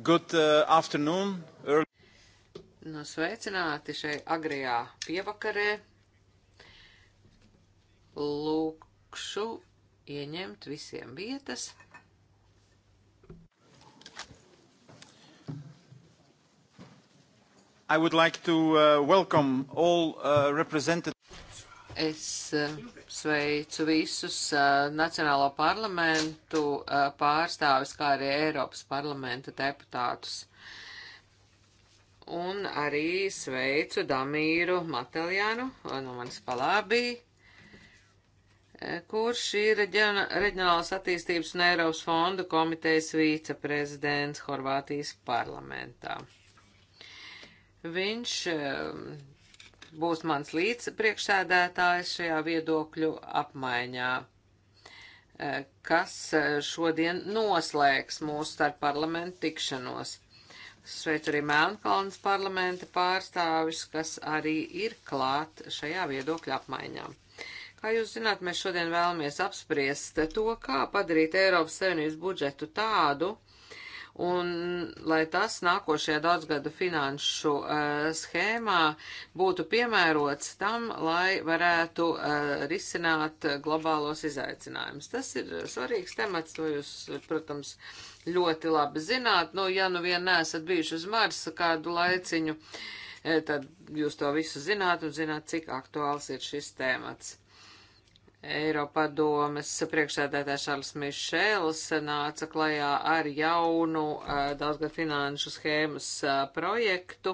Good uh, afternoon. Nu, sveicināti šai agrijā pievakarē. Lūkšu ieņemt visiem vietas. I would like to uh, welcome all uh, represented Es eh, sveicu visus eh, Nacionālo parlamentu eh, pārstāvis, kā arī Eiropas parlamenta deputātus. Un arī sveicu Damīru Mateljānu no manis palābī, kurš ir Reģionālās attīstības un Eiropas fonda komitejas viceprezidents Horvātijas parlamentā. Viņš būs mans līdzpriekšsēdētājs šajā viedokļu apmaiņā, eh, kas eh, šodien noslēgs mūsu starp parlamentu tikšanos. Sveicu arī Melnkalnas parlamenta pārstāvis, kas arī ir klāt šajā viedokļa apmaiņā. Kā jūs zināt, mēs šodien vēlamies apspriest to, kā padarīt Eiropas Savienības budžetu tādu, un lai tas nākošajā daudzgadu finanšu uh, schēmā būtu piemērots tam, lai varētu uh, risināt globālos izaicinājumus. Tas ir svarīgs temats, to jūs, protams, ļoti labi zināt. Nu, ja nu vien neesat bijuši uz Marsa kādu laiciņu, eh, tad jūs to visu zināt un zināt, cik aktuāls ir šis temats. Eiropadomes priekšsēdētājs Šarls Mišēls nāca klajā ar jaunu daudzgad finanšu schēmas projektu.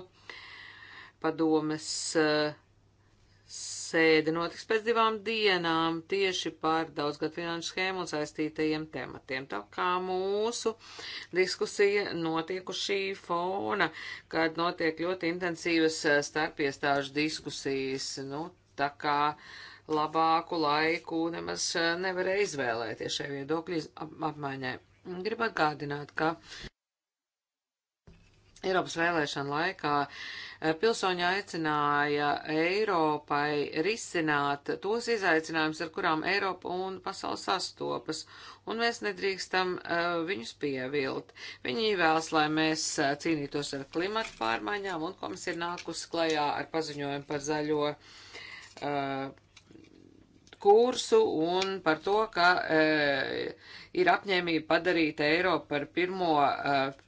Padomes sēde notiks pēc divām dienām tieši par daudzgad finanšu schēmu un saistītajiem tematiem. Tā kā mūsu diskusija notiek uz šī fona, kad notiek ļoti intensīvas starpiestāžu diskusijas. Nu, tā kā uh, labāku laiku nemaz eh, nevarēja izvēlēties šai viedokļu apmaiņai. Gribu atgādināt, ka Eiropas vēlēšana laikā eh, pilsoņi aicināja Eiropai risināt tos izaicinājumus, ar kurām Eiropa un pasauli sastopas, un mēs nedrīkstam uh, viņus pievilt. Viņi vēlas, lai mēs cīnītos ar klimatu pārmaiņām, un komisija ir nākus klajā ar paziņojumu par zaļo uh, kursu un par to, ka eh, ir apņēmība padarīt Eiropu par pirmo eh,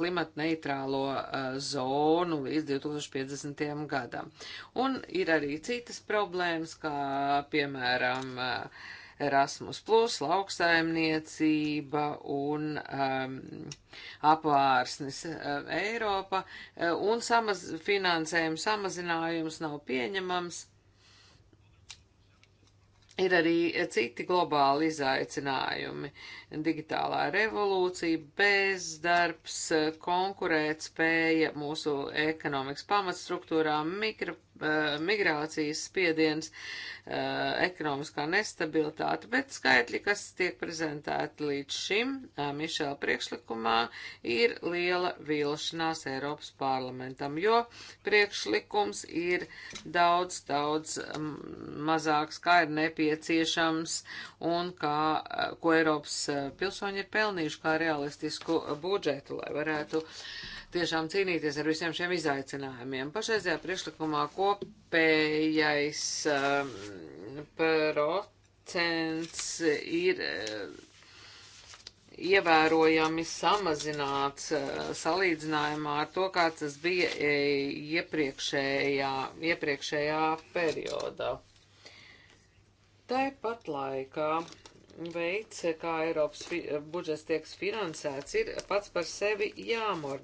klimata neitrālo eh, zonu līdz 2050. gadam. Un ir arī citas problēmas, kā piemēram Erasmus, plus, lauksaimniecība un um, ehm, apvārsnes um, Eiropa, un samaz, finansējuma samazinājums nav pieņemams. Ir arī citi globāli izaicinājumi - digitālā revolūcija, bezdarbs, konkurētspēja mūsu ekonomikas pamatstruktūrām, mikro Eh, migrācijas spiediens, eh, ekonomiskā nestabilitāte, bet skaitļi, kas tiek prezentēti līdz šim eh, Mišela priekšlikumā, ir liela vilšanās Eiropas parlamentam, jo priekšlikums ir daudz, daudz mm, mazāks, kā ir nepieciešams un kā, ko Eiropas pilsoņi ir pelnījuši kā realistisku budžetu, lai varētu uh, tiešām cīnīties ar visiem šiem izaicinājumiem. Pašreizajā priekšlikumā kopējais um, procents ir uh, ievērojami samazināts uh, salīdzinājumā ar to, kā tas bija e, iepriekšējā, iepriekšējā periodā. Tāpat laikā veids, kā Eiropas budžets tiek finansēts, ir pats par sevi jāmor,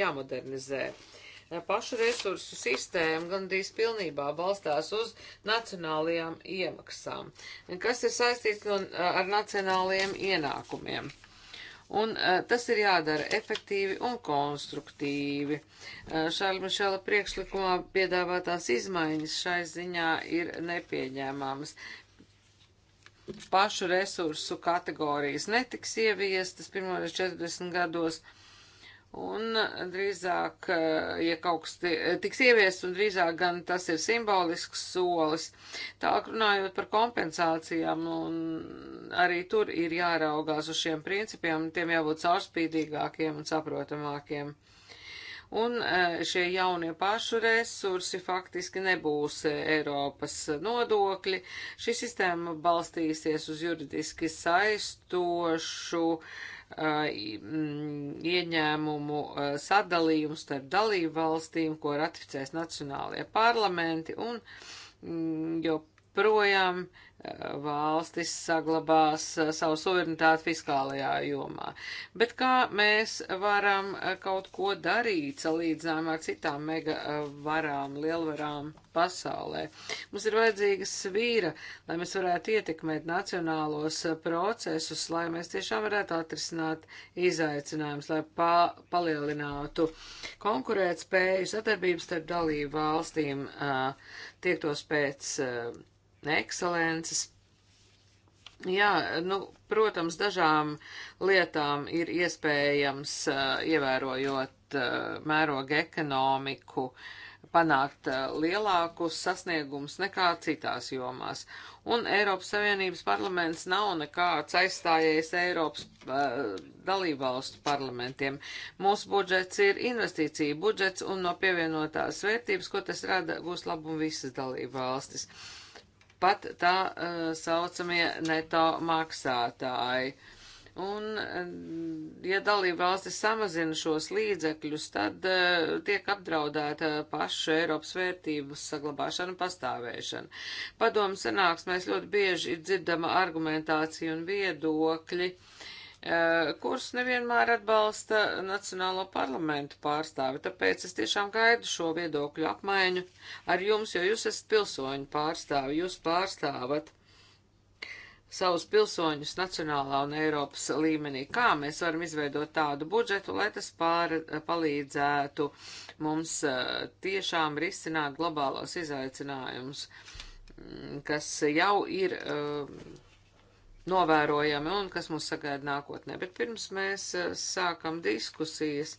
jāmodernizē. Pašu resursu sistēma gandrīz pilnībā balstās uz nacionālajām iemaksām, kas ir saistīts no, ar nacionālajiem ienākumiem. Un eh, tas ir jādara efektīvi un konstruktīvi. Eh, Šāda Mišela priekšlikumā piedāvātās izmaiņas šai ziņā ir nepieņēmāmas pašu resursu kategorijas netiks ieviestas pirmoreiz 40 gados, Un drīzāk, eh, ja kaut kas eh, tiks ieviests, un drīzāk gan tas ir simbolisks solis. Tālāk runājot par kompensācijām, un arī tur ir jāraugās uz šiem principiem, tiem jābūt caurspīdīgākiem un saprotamākiem. Un eh, šie jaunie pašu resursi faktiski nebūs Eiropas nodokļi. Šī sistēma balstīsies uz juridiski saistošu uh, Mm, ieņēmumu sadalījumu starp dalību valstīm, ko ratificēs nacionālajie parlamenti, un mm, joprojām uh, valstis saglabās eh, savu suverenitāti fiskālajā jomā. Bet kā mēs varam eh, kaut ko darīt salīdzinājumā ar citām mega eh, varām, lielvarām pasaulē? Mums ir vajadzīga svīra, lai mēs varētu ietekmēt nacionālos procesus, lai mēs tiešām varētu atrisināt izaicinājumus, lai pa palielinātu konkurētspēju sadarbības starp dalību valstīm tiektos pēc ekscelences. Jā, nu, protams, dažām lietām ir iespējams, ievērojot mēroga ekonomiku, panākt lielākus sasniegumus nekā citās jomās. Un Eiropas Savienības parlaments nav nekāds aizstājies Eiropas dalībvalstu parlamentiem. Mūsu budžets ir investīcija budžets, un no pievienotās vērtības, ko tas rada, būs labumu visas dalībvalstis. valstis pat tā uh, saucamie neto maksātāji. Un, eh, ja dalība valstis samazina šos līdzekļus, tad uh, tiek apdraudēta paša Eiropas vērtības saglabāšana un pastāvēšana. Padomu sanāksmēs ļoti bieži ir dzirdama argumentācija un viedokļi, uh, kurus nevienmēr atbalsta Nacionālo parlamentu pārstāvi, tāpēc es tiešām gaidu šo viedokļu apmaiņu ar jums, jo jūs esat pilsoņu pārstāvi, jūs pārstāvat savus pilsoņus nacionālā un Eiropas līmenī. Kā mēs varam izveidot tādu budžetu, lai tas pār, palīdzētu mums tiešām risināt globālos izaicinājumus, kas jau ir uh, novērojami un kas mūs sagaida nākotnē. Bet pirms mēs eh, sākam diskusijas,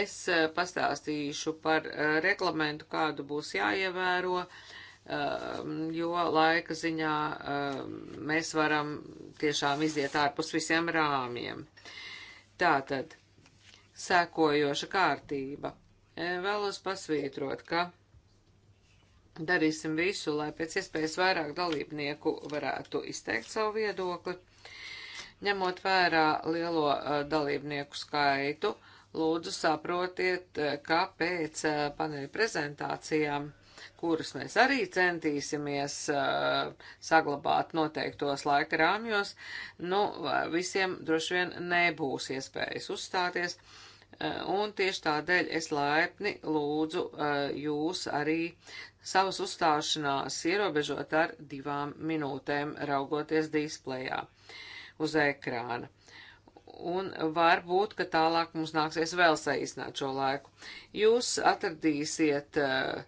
es eh, pastāstīšu par eh, reglamentu, kādu būs jāievēro, ehm, jo laika ziņā ehm, mēs varam tiešām iziet ārpus visiem rāmjiem. Tātad, sēkojoša kārtība. Vēlos pasvītrot, ka darīsim visu, lai pēc iespējas vairāk dalībnieku varētu izteikt savu viedokli. Ņemot vērā lielo uh, dalībnieku skaitu, lūdzu saprotiet, eh, ka pēc uh, paneļa prezentācijām, kuras mēs arī centīsimies uh, saglabāt noteiktos laika rāmjos, nu, visiem droši vien nebūs iespējas uzstāties. Un tieši tādēļ es laipni lūdzu jūs arī savas uzstāšanās ierobežot ar divām minūtēm, raugoties displejā uz ekrāna. Un varbūt, ka tālāk mums nāksies vēl saīsināt šo laiku. Jūs atradīsiet eh,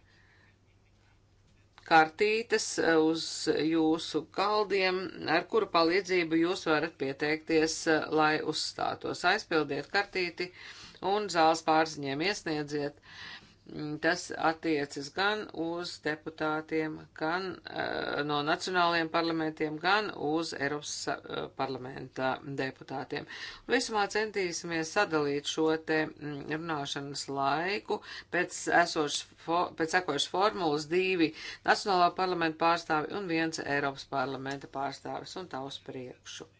kartītes eh, uz jūsu kaldiem, ar kuru palīdzību jūs varat pieteikties, eh, lai uzstātos. Aizpildiet kartīti un zāles pārziņiem iesniedziet. Uh, Tas attiecas gan uz deputātiem, gan uh, no nacionālajiem parlamentiem, gan uz Eiropas uh, parlamenta deputātiem. Un vismā centīsimies sadalīt šo te mm, runāšanas laiku pēc, esošas, fo, pēc sekošas formulas divi nacionālā parlamenta pārstāvi un viens Eiropas parlamenta pārstāvis un tā uz priekšu.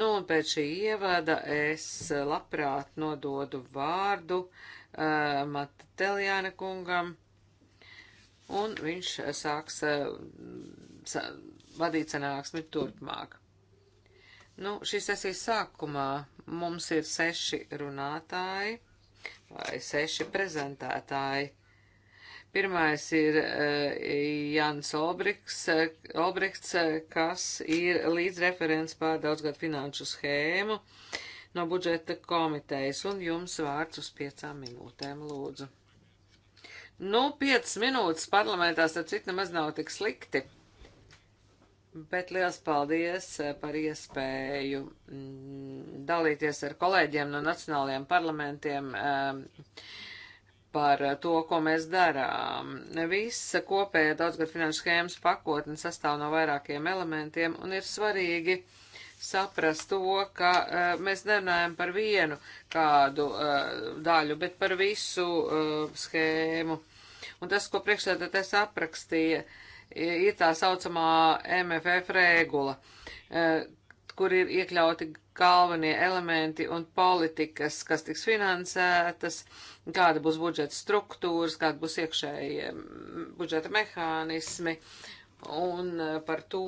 Nu, un pēc šī ievada es labprāt nododu vārdu uh, uh, Matteljāna kungam, un viņš uh, sāks uh, sa vadīt sanāksmi turpmāk. Nu, šīs sesijas sākumā mums ir seši runātāji vai seši prezentētāji. Pirmais ir uh, Jans Olbriks, uh, Olbriks, uh, kas ir līdzreferents pār daudzgad finanšu schēmu. Uh, no budžeta komitejas, un jums vārds uz piecām minūtēm, lūdzu. Nu, piecas minūtes parlamentā, starp citu, nemaz nav tik slikti, bet liels paldies eh, par iespēju mm, dalīties ar kolēģiem no nacionālajiem parlamentiem. Um, par to, ko mēs darām. Visa kopēja daudzgad finanšu schēmas pakotne sastāv no vairākiem elementiem un ir svarīgi saprast to, ka uh, mēs nerunājam par vienu kādu uh, daļu, bet par visu uh, schēmu. Un tas, ko priekšsēdētājs aprakstīja, ir tā saucamā MFF regula, uh, kur ir iekļauti galvenie elementi un politikas, kas tiks finansētas, kāda būs budžeta struktūras, kāda būs iekšējie budžeta mehānismi. Un par to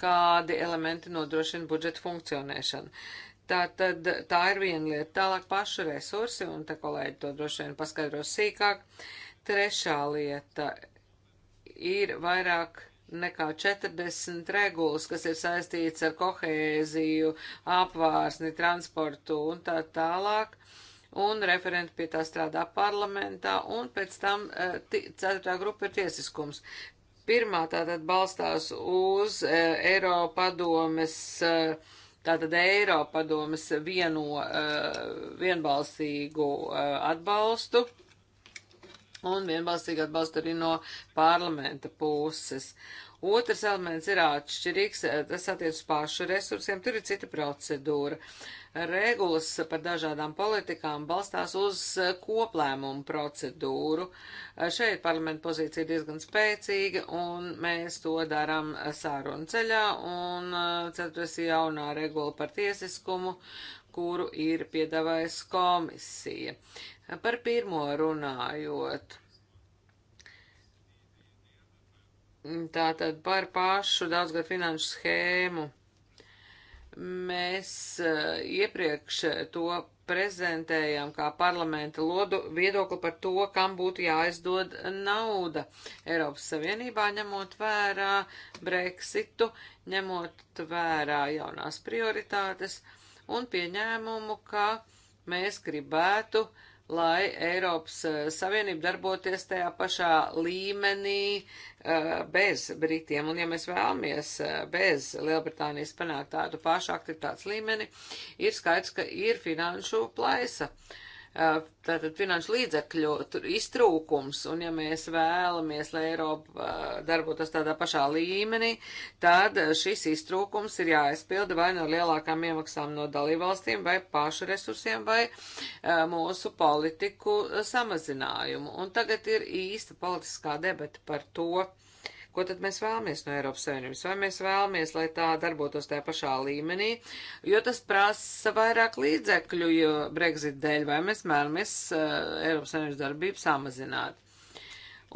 kādi elementi nodrošina budžeta funkcionēšanu. Tā tad tā ir viena lieta. Tālāk pašu resursi, un te kolēģi to droši vien paskaidros sīkāk. Trešā lieta ir vairāk nekā 40 regulas, kas ir saistīts ar kohēziju, apvārsni, transportu un tā tālāk. Un referenti pie tā strādā parlamentā, un pēc tam eh, ceturtā grupa ir tiesiskums. Pirmā tātad balstās uz e, Eiropadomes, e, tātad Eiropadomes vieno, e, vienbalsīgu e, atbalstu un vienbalsīgi atbalstu arī no parlamenta puses. Otrs elements ir atšķirīgs, e, tas attiec uz pašu resursiem, tur ir cita procedūra. Uh, regulas par dažādām politikām balstās uz eh, koplēmumu procedūru. Eh, šeit parlamenta pozīcija ir diezgan spēcīga, un mēs to darām eh, sārunu ceļā, un ceturtais jaunā regula par tiesiskumu, kuru ir piedāvājis komisija. Par pirmo runājot. Mm, tātad par pašu daudzgad finanšu schēmu Mēs eh, iepriekš eh, to prezentējām kā parlamenta lodu, viedokli par to, kam būtu jāizdod nauda Eiropas Savienībā, ņemot vērā Brexitu, ņemot vērā jaunās prioritātes un pieņēmumu, ka mēs gribētu uh, lai Eiropas eh, Savienība darboties tajā pašā līmenī eh, bez Britiem. Un ja mēs vēlamies eh, bez Lielbritānijas panākt tādu pašu aktivitātes līmeni, ir skaidrs, ka ir finanšu plaisa. Uh, Eh, tātad finanšu līdzekļu iztrūkums, un ja mēs vēlamies, lai Eiropa eh, darbotos tādā pašā līmenī, tad eh, šis iztrūkums ir jāaizpilda vai no lielākām iemaksām no dalībvalstīm, vai pašu resursiem, vai mūsu politiku samazinājumu. Un tagad ir īsta politiskā debata par to, Ko tad mēs vēlamies no Eiropas Savienības? Vai mēs vēlamies, lai tā darbotos tajā pašā līmenī, jo tas prasa vairāk līdzekļu Brexit dēļ, vai mēs vēlamies uh, Eiropas Savienības darbību samazināt?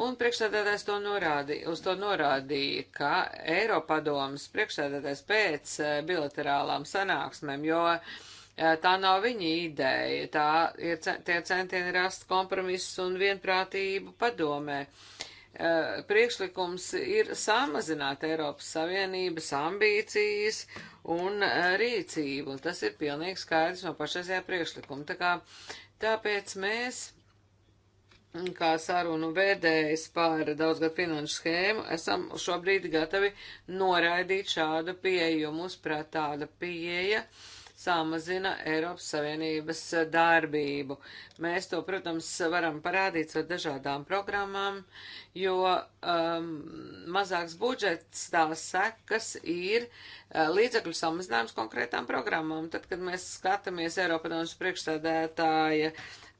Un priekšsēdētājs to norādīja, uz to norādīja, ka Eiropadomas priekšsēdētājs pēc eh, bilaterālām sanāksmēm, jo eh, tā nav viņa ideja, tā ir, tie centieni rast kompromisus un vienprātību padomē. Uh, Eh, priekšlikums ir samazināt Eiropas Savienības ambīcijas un eh, rīcību. Tas ir pilnīgi skaidrs no pašreizējā priekšlikuma. Tā kā, tāpēc mēs, kā sarunu vēdējs par daudzgad finanšu schēmu, esam šobrīd gatavi noraidīt šādu pieeju. Mums prāt tāda pieeja. Uh, samazina Eiropas Savienības eh, darbību. Mēs to, protams, varam parādīt ar dažādām programmām, jo um, mazāks budžets tās sekas ir uh, līdzekļu samazinājums konkrētām programmām. Tad, kad mēs skatāmies Eiropadomas priekšstādētāja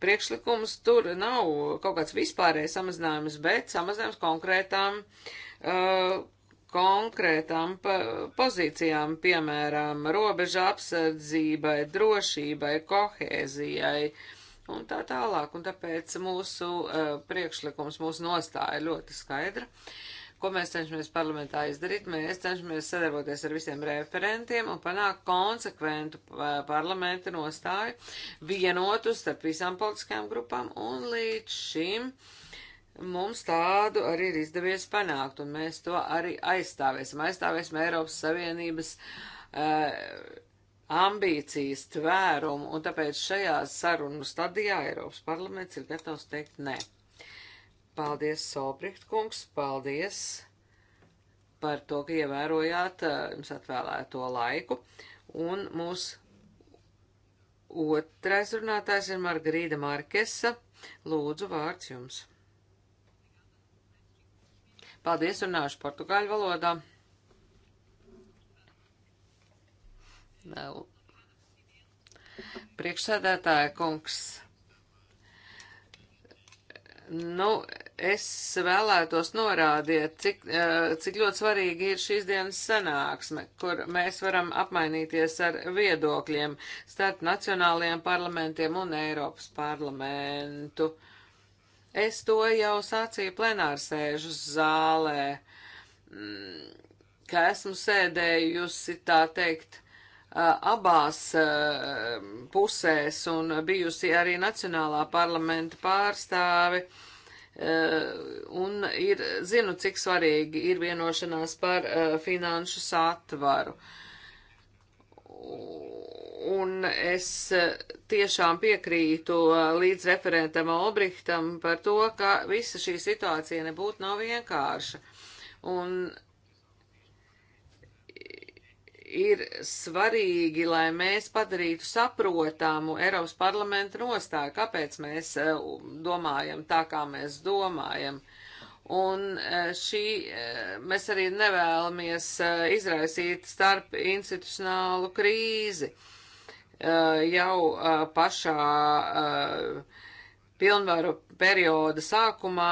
priekšlikumus, tur nav kaut kāds vispārējais samazinājums, bet samazinājums konkrētām uh, konkrētām pozīcijām, piemēram, robeža apsardzībai, drošībai, kohēzijai un tā tālāk. Un tāpēc mūsu uh, priekšlikums, mūsu nostāja ļoti skaidra. Ko mēs cenšamies parlamentā izdarīt? Mēs cenšamies sadarboties ar visiem referentiem un panākt konsekventu e, parlamenta nostāju, vienotu starp visām politiskajām grupām un līdz šim uh, Mums tādu arī ir izdevies panākt, un mēs to arī aizstāvēsim. Aizstāvēsim Eiropas Savienības uh, ambīcijas tvērumu, un tāpēc šajā sarunu stadijā Eiropas parlaments ir gatavs teikt nē. Paldies, Sobrikt kungs, paldies par to, ka ievērojāt uh, jums atvēlēto laiku, un mūsu otrais runātājs ir Margarīda Markesa. Lūdzu, vārds jums! Paldies, runāšu portugāļu valodā. Vēl. Priekšsēdētāja kungs. Nu, es vēlētos norādīt, cik, eh, cik ļoti svarīgi ir šīs dienas sanāksme, kur mēs varam apmainīties ar viedokļiem starp nacionālajiem parlamentiem un Eiropas parlamentu. Uh, Es to jau sacīju plenārsēžu zālē, mm, ka esmu sēdējusi, tā teikt, abās pusēs un bijusi arī Nacionālā parlamenta pārstāvi. Un ir, zinu, cik svarīgi ir vienošanās par finanšu satvaru Un es eh, tiešām piekrītu eh, līdz referentam Obrihtam par to, ka visa šī situācija nebūtu nav vienkārša. Un ir svarīgi, lai mēs padarītu saprotamu Eiropas parlamenta nostāju, kāpēc mēs eh, domājam tā, kā mēs domājam. Un šī, mēs arī nevēlamies izraisīt starp institucionālu krīzi. Uh, Eh, jau eh, pašā eh, pilnvaru perioda sākumā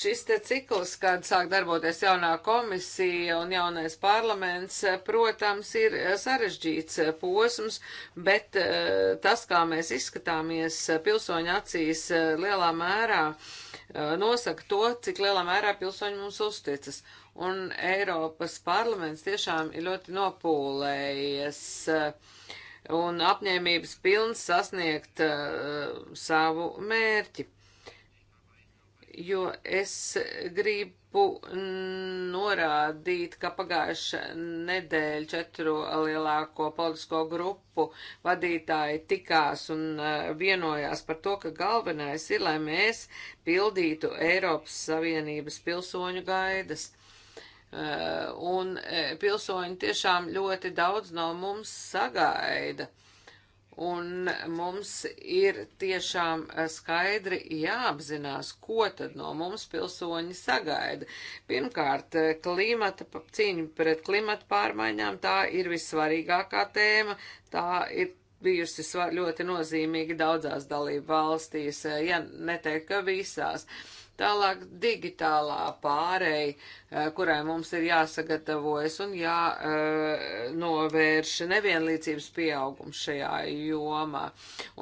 šis te cikls, kad sāk darboties jaunā komisija un jaunais parlaments, protams, ir sarežģīts posms, bet tas, kā mēs izskatāmies pilsoņu acīs, lielā mērā nosaka to, cik lielā mērā pilsoņi mums uzticas un Eiropas parlaments tiešām ir ļoti nopūlējies eh, un apņēmības pilns sasniegt uh, savu mērķi. Jo es gribu norādīt, ka pagājušā nedēļa četru lielāko politisko grupu vadītāji tikās un uh, vienojās par to, ka galvenais ir, lai mēs pildītu Eiropas Savienības pilsoņu gaidas Eh, un eh, pilsoņi tiešām ļoti daudz no mums sagaida. Un mums ir tiešām eh, skaidri jāapzinās, ko tad no mums pilsoņi sagaida. Pirmkārt, klimata, cīņa pret klimata pārmaiņām, tā ir vissvarīgākā tēma, tā ir bijusi ļoti nozīmīga daudzās dalību valstīs, ja neteikt, ka visās. Uh, Tālāk digitālā pārēja, eh, kurai mums ir jāsagatavojas un jānovērš eh, nevienlīdzības pieaugums šajā jomā.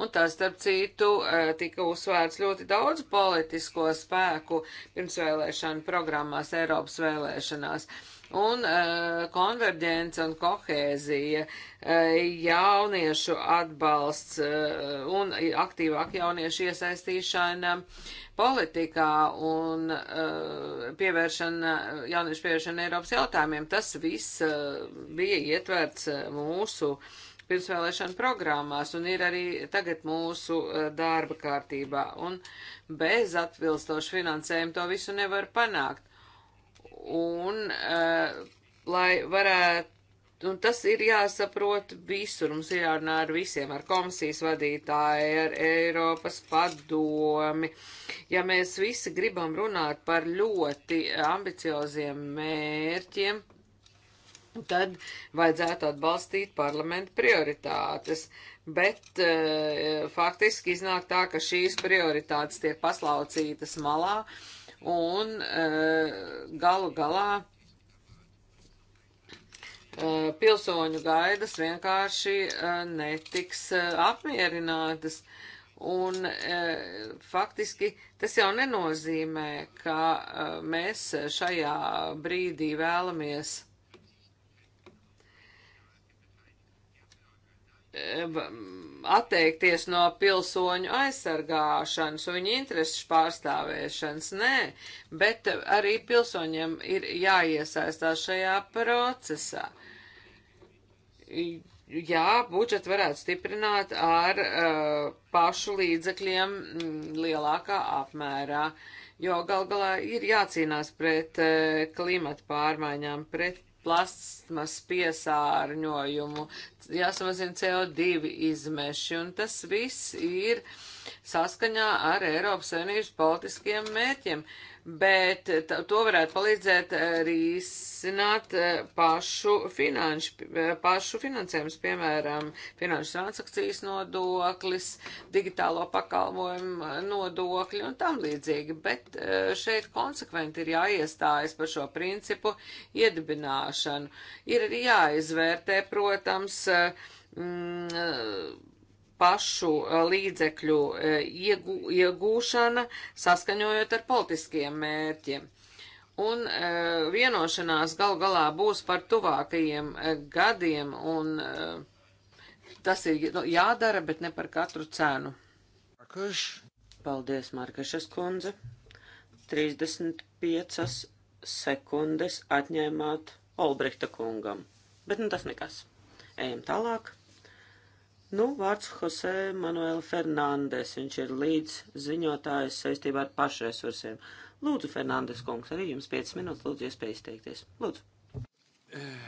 Un tas, starp citu, eh, tika uzsvērts ļoti daudz politisko spēku pirmsvēlēšanu programmās Eiropas vēlēšanās. Uh, Un uh, konverģence un kohēzija, uh, jauniešu atbalsts uh, un aktīvāk jauniešu iesaistīšana politikā un uh, pievēršana, jauniešu pievēršana Eiropas jautājumiem, tas viss uh, bija ietverts mūsu pirmsvēlēšana programmās un ir arī tagad mūsu uh, darba kārtībā. Un bez atbilstošu finansējumu to visu nevar panākt un uh, lai varētu Un tas ir jāsaprot visur. Mums ir jārunā ar visiem, ar komisijas vadītāju, ar Eiropas padomi. Ja mēs visi gribam runāt par ļoti ambicioziem mērķiem, tad vajadzētu atbalstīt parlamentu prioritātes. Bet e, faktiski iznāk tā, ka šīs prioritātes tiek paslaucītas malā. E, un eh, galu galā eh, pilsoņu gaidas vienkārši eh, netiks apmierinātas. Un faktiski tas jau nenozīmē, ka mēs šajā brīdī vēlamies atteikties no pilsoņu aizsargāšanas un viņu interesu pārstāvēšanas, nē, bet arī pilsoņiem ir jāiesaistās šajā procesā. Jā, budžetu varētu stiprināt ar uh, pašu līdzekļiem mm, lielākā apmērā, jo gal galā ir jācīnās pret uh, klimata pārmaiņām, pret plasmas piesārņojumu, jāsamazina CO2 izmeši, un tas viss ir saskaņā ar Eiropas Savienības politiskiem mērķiem. Uh, bet to varētu palīdzēt eh, risināt eh, pašu, finanš, eh, pašu finansējums, piemēram, finanšu transakcijas nodoklis, digitālo pakalpojumu nodokļi un tam līdzīgi. Bet šeit konsekventi ir jāiestājas par šo principu iedibināšanu. Ir arī jāizvērtē, protams, mm, pašu eh, līdzekļu eh, iegū, iegūšana, saskaņojot ar politiskiem mērķiem. Un eh, vienošanās gal galā būs par tuvākajiem gadiem, un tas ir nu, jādara, bet ne par katru cenu. Markaš. Paldies, Markašas kundze. 35 sekundes atņēmāt Olbrihta kungam, bet nu tas nekas. Ejam tālāk. Nu, vārds Jose Manuela Fernandes, viņš ir līdz ziņotājs saistībā ar pašresursiem. Lūdzu, Fernandes kungs, arī jums 5 minūtes, lūdzu, iespēja izteikties. Lūdzu. Eh,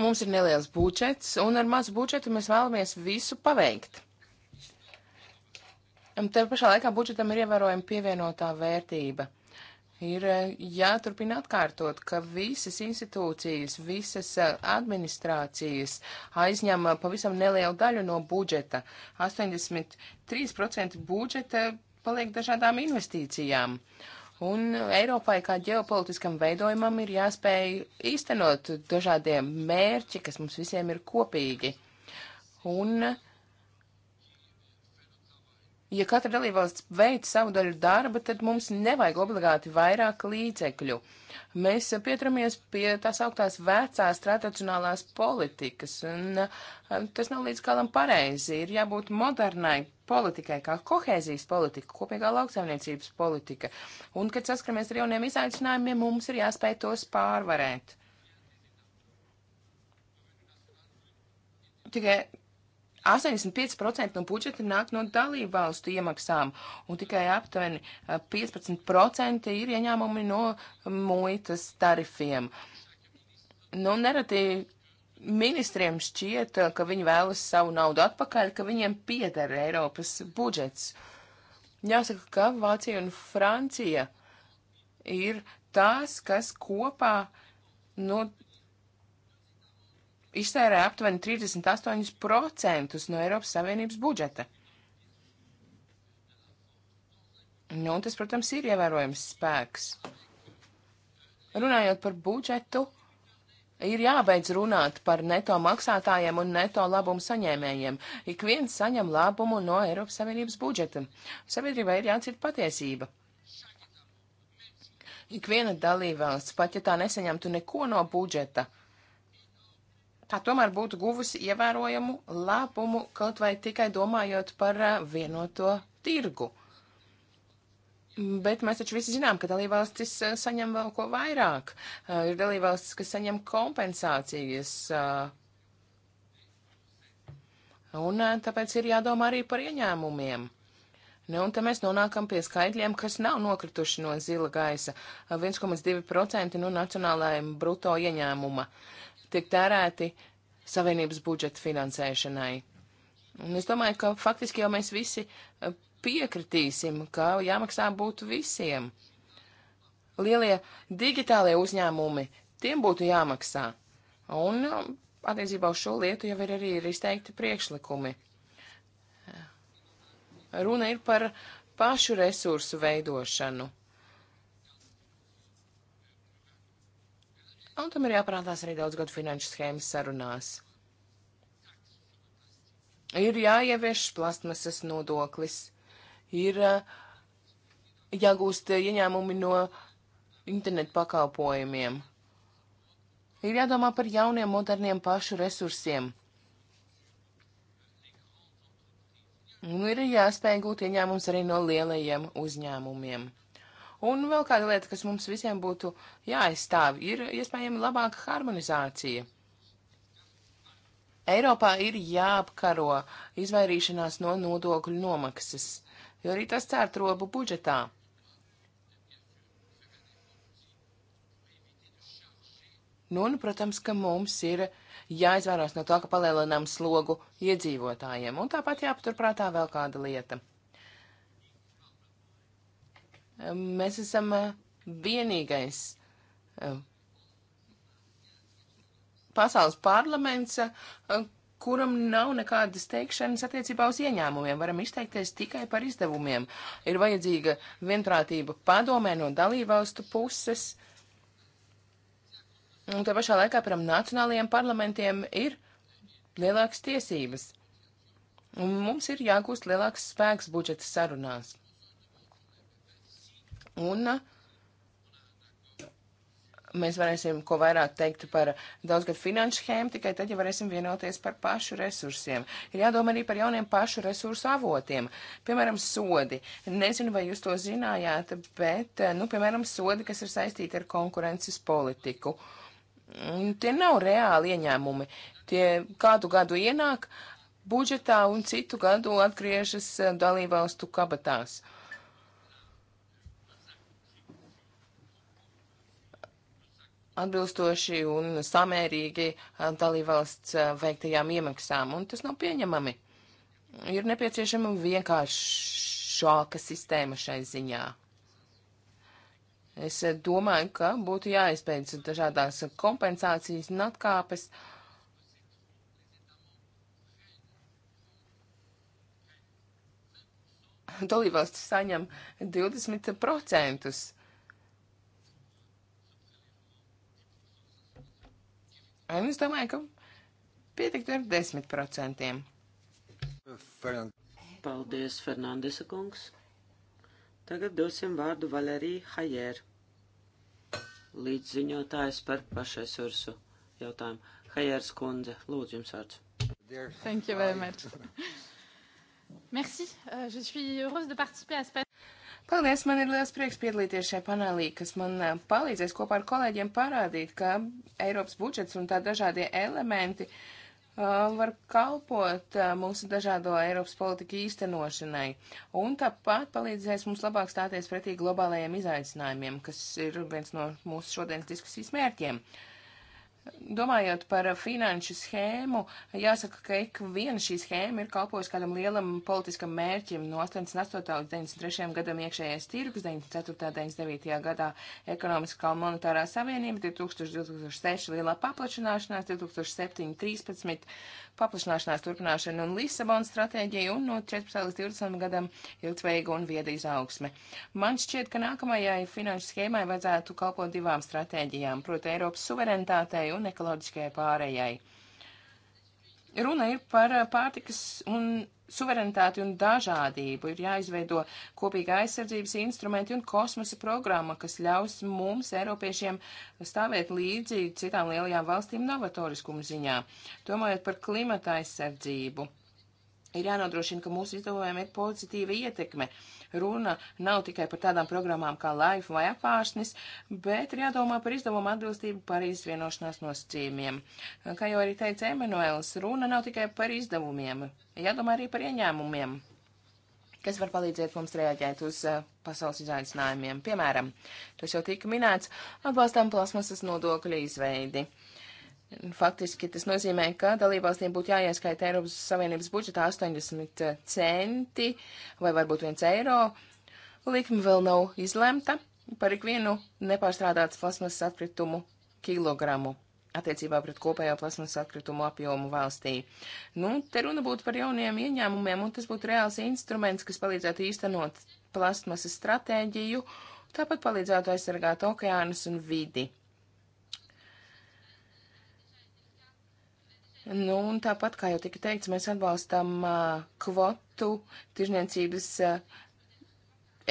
Mums ir neliels budžets, un ar mazu budžetu mēs vēlamies visu paveikt. Un te pašā laikā budžetam ir ievērojama pievienotā vērtība ir eh, jāturpina atkārtot, ka visas institūcijas, visas eh, administrācijas aizņem eh, pavisam nelielu daļu no budžeta. 83% budžeta paliek dažādām investīcijām. Un Eiropai kā ģeopolitiskam veidojumam ir jāspēj īstenot dažādie mērķi, kas mums visiem ir kopīgi. Un uh, Ja katra dalībvalsts veic savu daļu darba, tad mums nevajag obligāti vairāk līdzekļu. Mēs pieturamies pie tās augtās vecās tradicionālās politikas, un um, tas nav līdz galam pareizi. Ir jābūt modernai politikai, kā kohēzijas politika, kopīgā lauksaimniecības politika. Un, kad saskaramies ar jauniem izaicinājumiem, mums ir jāspēj tos pārvarēt. Tikai 85% no budžeta nāk no dalību valstu iemaksām, un tikai aptuveni 15% eh, ir ieņēmumi no eh, muitas tarifiem. Nu, nereti ministriem šķiet, eh, ka viņi vēlas savu naudu atpakaļ, ka viņiem pieder Eiropas budžets. Jāsaka, ka Vācija un Francija ir tās, kas kopā nu, iztērē aptuveni 38% no Eiropas Savienības budžeta. Nu, tas, protams, ir ievērojams spēks. Runājot par budžetu, ir jābeidz runāt par neto maksātājiem un neto labumu saņēmējiem. Ik viens saņem labumu no Eiropas Savienības budžeta. Sabiedrībai ir jāatcer patiesība. Ik viena dalībvalsts, pat ja tā nesaņemtu neko no budžeta, tā tomēr būtu guvusi ievērojamu labumu, kaut vai tikai domājot par eh, vienoto tirgu. Bet mēs taču visi zinām, ka dalībvalstis eh, saņem vēl ko vairāk. Eh, ir dalībvalstis, kas saņem kompensācijas. Un tāpēc ir jādomā arī par ieņēmumiem. Nu, un te mēs nonākam pie skaidļiem, kas nav nokrituši no zila gaisa - 1,2% no nacionālajiem bruto ieņēmuma. Uh, tiek tērēti Savienības budžeta finansēšanai. Un es domāju, ka faktiski jau mēs visi eh, piekritīsim, ka jāmaksā būtu visiem. Lielie digitālie uzņēmumi, tiem būtu jāmaksā. Un um, attiecībā uz šo lietu jau ir arī ir izteikti priekšlikumi. Runa ir par pašu resursu veidošanu. Un tam ir jāprātās arī daudz gadu finanšu schēmas sarunās. Ir jāievieš plastmasas nodoklis, ir eh, jāgūst ieņēmumi no internetu pakalpojumiem, ir jādomā par jauniem moderniem pašu resursiem. Nu, ir jāspēj gūt ieņēmums arī no lielajiem uzņēmumiem. Un vēl kāda lieta, kas mums visiem būtu jāaizstāv, ir iespējami labāka harmonizācija. Eiropā ir jāapkaro izvairīšanās no nodokļu nomaksas, jo arī tas cērt robu budžetā. Nu, un, protams, ka mums ir jāizvairās no tā, ka palielinām slogu iedzīvotājiem, un tāpat jāpaturprātā vēl kāda lieta. Mēs esam eh, vienīgais pasaules parlaments, kuram nav nekādas teikšanas attiecībā uz ieņēmumiem. Varam izteikties tikai par izdevumiem. Ir vajadzīga vienprātība padomē no dalībvalstu puses. Un te pašā laikā, piemēram, nacionālajiem parlamentiem ir lielākas tiesības. Un mums ir jāgūst lielāks spēks budžeta sarunās. Un mēs varēsim ko vairāk teikt par daudzgadu finanšu schēmu, tikai tad, ja varēsim vienoties par pašu resursiem. Ir jādomā arī par jauniem pašu resursu avotiem, piemēram, sodi. Nezinu, vai jūs to zinājāt, bet, nu, piemēram, sodi, kas ir saistīti ar konkurences politiku. Tie nav reāli ieņēmumi. Tie kādu gadu ienāk budžetā un citu gadu atgriežas dalībvalstu kabatās. Uh, atbilstoši un samērīgi eh, dalībvalsts eh, veiktajām iemaksām, un tas nav pieņemami. Ir nepieciešama vienkāršāka sistēma šai ziņā. Es eh, domāju, ka būtu jāizbeidz dažādās kompensācijas un atkāpes. Dalībvalsts saņem 20% Un es domāju, ka pietiktu ar 10%. Paldies, Fernandesa kungs. Tagad dosim vārdu Valērija Hajēr, līdziņotājs par pašresursu jautājumu. Hajērs kundze, lūdzu jums vārds. Thank you very much. Merci, uh, je suis heureuse de participer à ce panel. Paldies, man ir liels prieks piedalīties šajā panelī, kas man eh, palīdzēs kopā ar kolēģiem parādīt, ka Eiropas budžets un tā dažādie elementi uh, var kalpot uh, mūsu dažādo Eiropas politiku īstenošanai. Un tāpat palīdzēs mums labāk stāties pretī globālajiem izaicinājumiem, kas ir viens no mūsu šodienas diskusijas mērķiem. Uh, Domājot par finanšu schēmu, jāsaka, ka ik viena šī schēma ir kalpojusi kādam lielam politiskam mērķim. No 88. līdz 93. gadam iekšējais tirgus, 94. 99. gadā ekonomiskā un monetārā savienība, 2006. lielā paplašināšanās, 2007. 13. paplašināšanās turpināšana un Lisabonas stratēģija un no 14. līdz 20. gadam ilgtveiga un vieda izaugsme. Man šķiet, ka nākamajai finanšu schēmai vajadzētu kalpot divām stratēģijām, proti Eiropas suverenitātei un ekoloģiskajai pārējai. Runa ir par eh, pārtikas un suverenitāti un dažādību. Ir jāizveido kopīga aizsardzības instrumenti un kosmosa programma, kas ļaus mums, Eiropiešiem, stāvēt līdzi citām lielajām valstīm novatoriskumu ziņā. Domājot par klimata aizsardzību, ir jānodrošina, ka mūsu izdevumiem ir pozitīva ietekme. Runa nav tikai par tādām programmām kā Life vai apvārsnis, bet ir jādomā par izdevumu atbilstību Parīzes vienošanās nosacījumiem. Kā jau arī teica Emanuēls, runa nav tikai par izdevumiem, jādomā arī par ieņēmumiem kas var palīdzēt mums reaģēt uz uh, pasaules izaicinājumiem. Piemēram, tas jau tika minēts, atbalstām plasmasas nodokļu izveidi. Uh, Faktiski tas nozīmē, ka dalībvalstīm būtu jāieskaita Eiropas Savienības budžetā 80 centi vai varbūt 1 eiro. Likme vēl nav izlemta par ikvienu nepārstrādātas plasmasas atkritumu kilogramu attiecībā pret kopējo plasmasas atkritumu apjomu valstī. Nu, te runa būtu par jauniem ieņēmumiem, un tas būtu reāls instruments, kas palīdzētu īstenot plasmasas stratēģiju, tāpat palīdzētu aizsargāt okeānus un vidi. Nu, un tāpat, kā jau tika teikts, mēs atbalstam uh, kvotu tirzniecības uh,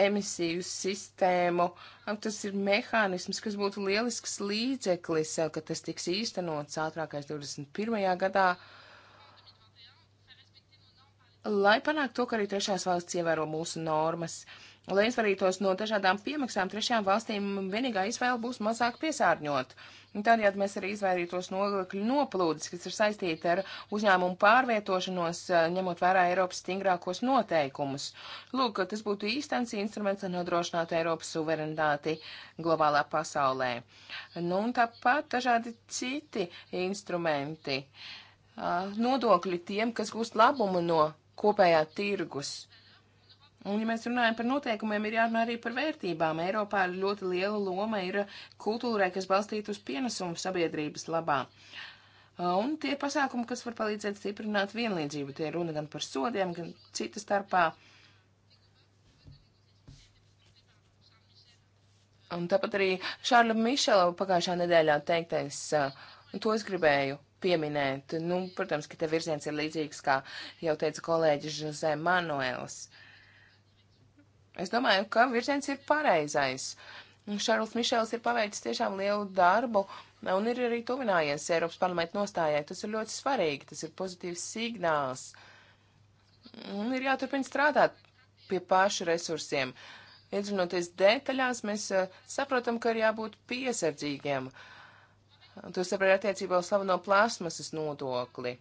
emisiju sistēmu. Tas ir mehānisms, kas būtu lielisks līdzeklis, ka tas tiks īstenots ātrākais 21. gadā. Lai panāktu to, ka arī trešās valsts ievēro mūsu normas. Uh, lai izvarītos no dažādām piemaksām trešajām valstīm, vienīgā izvēle būs mazāk piesārņot. Tādējādi mēs arī izvairītos nogakļu noplūdes, kas ir saistīta ar uzņēmumu pārvietošanos, eh, ņemot vērā Eiropas stingrākos noteikumus. Lūk, tas būtu īstenis instruments, lai nodrošinātu Eiropas suverenitāti globālā pasaulē. Nu, un tāpat dažādi citi instrumenti. Ah, nodokļi tiem, kas gūst labumu no kopējā tirgus Un, ja mēs runājam par noteikumiem, ir jārunā arī par vērtībām. Eiropā ļoti liela loma ir kultūrai, kas balstīta uz pienesumu sabiedrības labā. Un tie pasākumi, kas var palīdzēt stiprināt vienlīdzību, tie runa gan par sodiem, gan cita starpā. Un tāpat arī Šārla Mišela pagājušā nedēļā teiktais, to es gribēju pieminēt. Nu, protams, ka te virziens ir līdzīgs, kā jau teica kolēģis Žozē Manuēls. Uh, Es domāju, ka virziens ir pareizais. Šarls Mišels ir paveicis tiešām lielu darbu un ir arī tuvinājies Eiropas parlamenta nostājai. Tas ir ļoti svarīgi, tas ir pozitīvs signāls. Un ir jāturpina strādāt pie pašu resursiem. Iedzinoties detaļās, mēs eh, saprotam, ka ir jābūt piesardzīgiem. To saprot attiecībā uz slaveno plasmasas nodokli.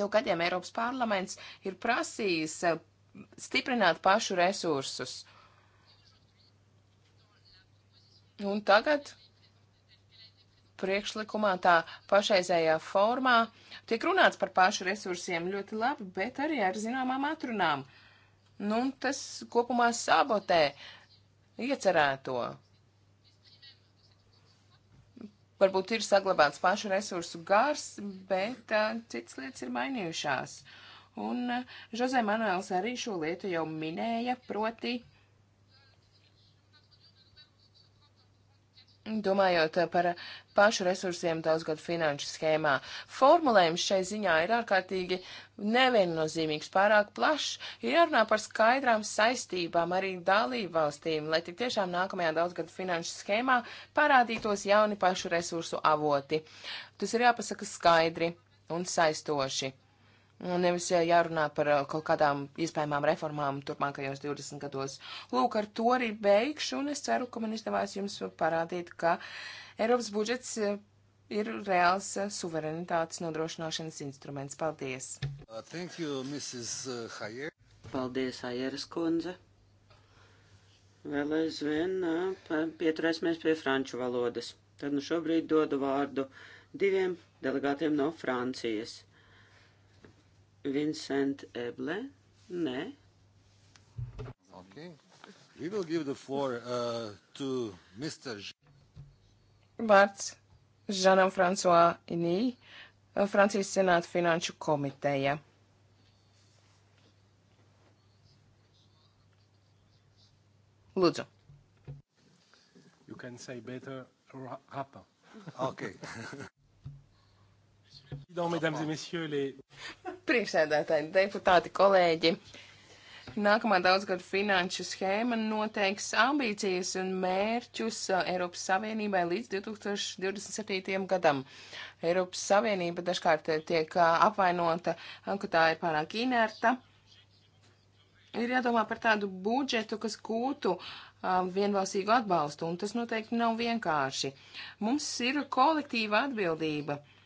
Jau gadiem Eiropas parlaments ir prasījis eh, stiprināt pašu resursus. Un tagad priekšlikumā tā pašreizējā formā tiek runāts par pašu resursiem ļoti labi, bet arī ar zināmām atrunām. Nu, tas kopumā sabotē iecerēto. Varbūt ir saglabāts pašu resursu gars, bet uh, citas lietas ir mainījušās. Uh, Un Žozē eh, Manuēls arī šo lietu jau minēja, proti, domājot eh, par pašu resursiem daudzgadu finanšu schēmā. Formulējums šai ziņā ir ārkārtīgi neviennozīmīgs, pārāk plašs, ir jārunā par skaidrām saistībām arī dalību valstīm, lai tik tiešām nākamajā daudzgadu finanšu schēmā parādītos jauni pašu resursu avoti. Tas ir jāpasaka skaidri un saistoši. Nu, nevis jārunā par uh, kaut kādām iespējamām reformām turpmākajos 20 gados. Lūk, ar to arī beigšu, un es ceru, ka man izdevās jums parādīt, ka Eiropas budžets uh, ir reāls uh, suverenitātes nodrošināšanas instruments. Paldies! Thank you, Mrs. Hayer. Paldies, Hayeras kundze! Vēl aizvien pieturēsimies pie franču valodas. Tad nu šobrīd dodu vārdu diviem delegātiem no Francijas. Vincent Eble? Nē. Okay. We will give the floor uh, to Mr. Ž Vārds Žanam François Inī, uh, Francijas Senāta Finanšu komiteja. Lūdzu. You can say better rapper. okay. Priekšsēdētāji, deputāti, kolēģi. Nākamā daudzgada finanšu schēma noteiks ambīcijas un mērķus Eiropas Savienībai līdz 2027. gadam. Eiropas Savienība dažkārt tiek apvainota, ka tā ir pārāk inerta. Ir jādomā par tādu budžetu, kas gūtu uh, vienbalsīgu atbalstu, un tas noteikti nav vienkārši. Mums ir kolektīva atbildība. Uh,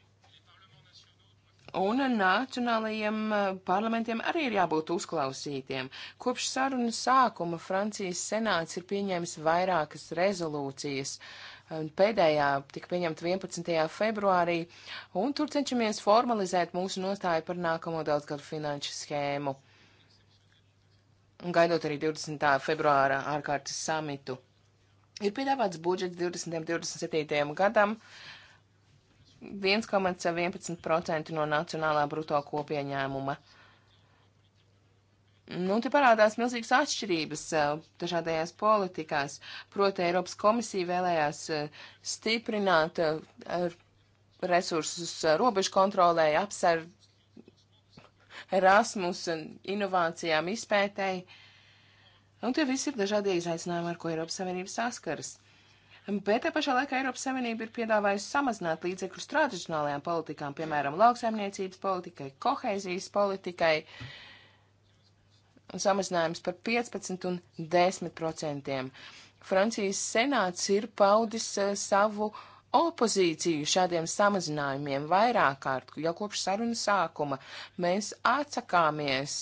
Un nacionālajiem eh, parlamentiem arī ir jābūt uzklausītiem. Kopš sarunas sākuma Francijas senāts ir pieņēmis vairākas rezolūcijas. Pēdējā tika pieņemta 11. februārī, un tur cenšamies formalizēt mūsu nostāju par nākamo daudzgadu finanšu schēmu. Un gaidot arī 20. februāra ārkārtas samitu. Ir piedāvāts budžets 2027. gadam. Uh, 1,11% no nacionālā bruto kopieņēmuma. Nu, te parādās milzīgas atšķirības eh, dažādajās politikās. Proti, Eiropas komisija vēlējās eh, stiprināt eh, resursus robežu kontrolē, apsar Erasmus, inovācijām, izpētēji. Un nu, tie visi ir dažādie izaicinājumi, ar ko Eiropas Savienība saskaras bet te pašā laikā Eiropas Savienība ir piedāvājusi samazināt līdzekļus tradicionālajām politikām, piemēram, lauksaimniecības politikai, kohēzijas politikai, samazinājums par 15 un 10 procentiem. Francijas senāts ir paudis eh, savu opozīciju šādiem samazinājumiem vairāk kārt, jau kopš sarunas sākuma mēs atsakāmies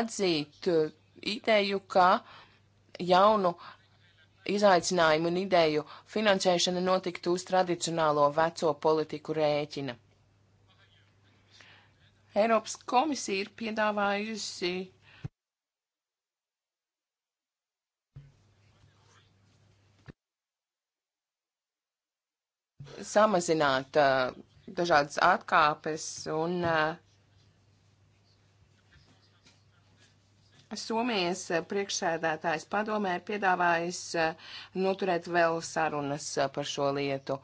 atzīt eh, ideju, ka jaunu izaicinājumu un ideju finansēšana notiktu uz tradicionālo veco politiku rēķina. Eiropas komisija ir piedāvājusi samazināt uh, dažādas atkāpes un uh, Somijas eh, priekšsēdētājs padomē ir piedāvājis eh, noturēt vēl sarunas eh, par šo lietu.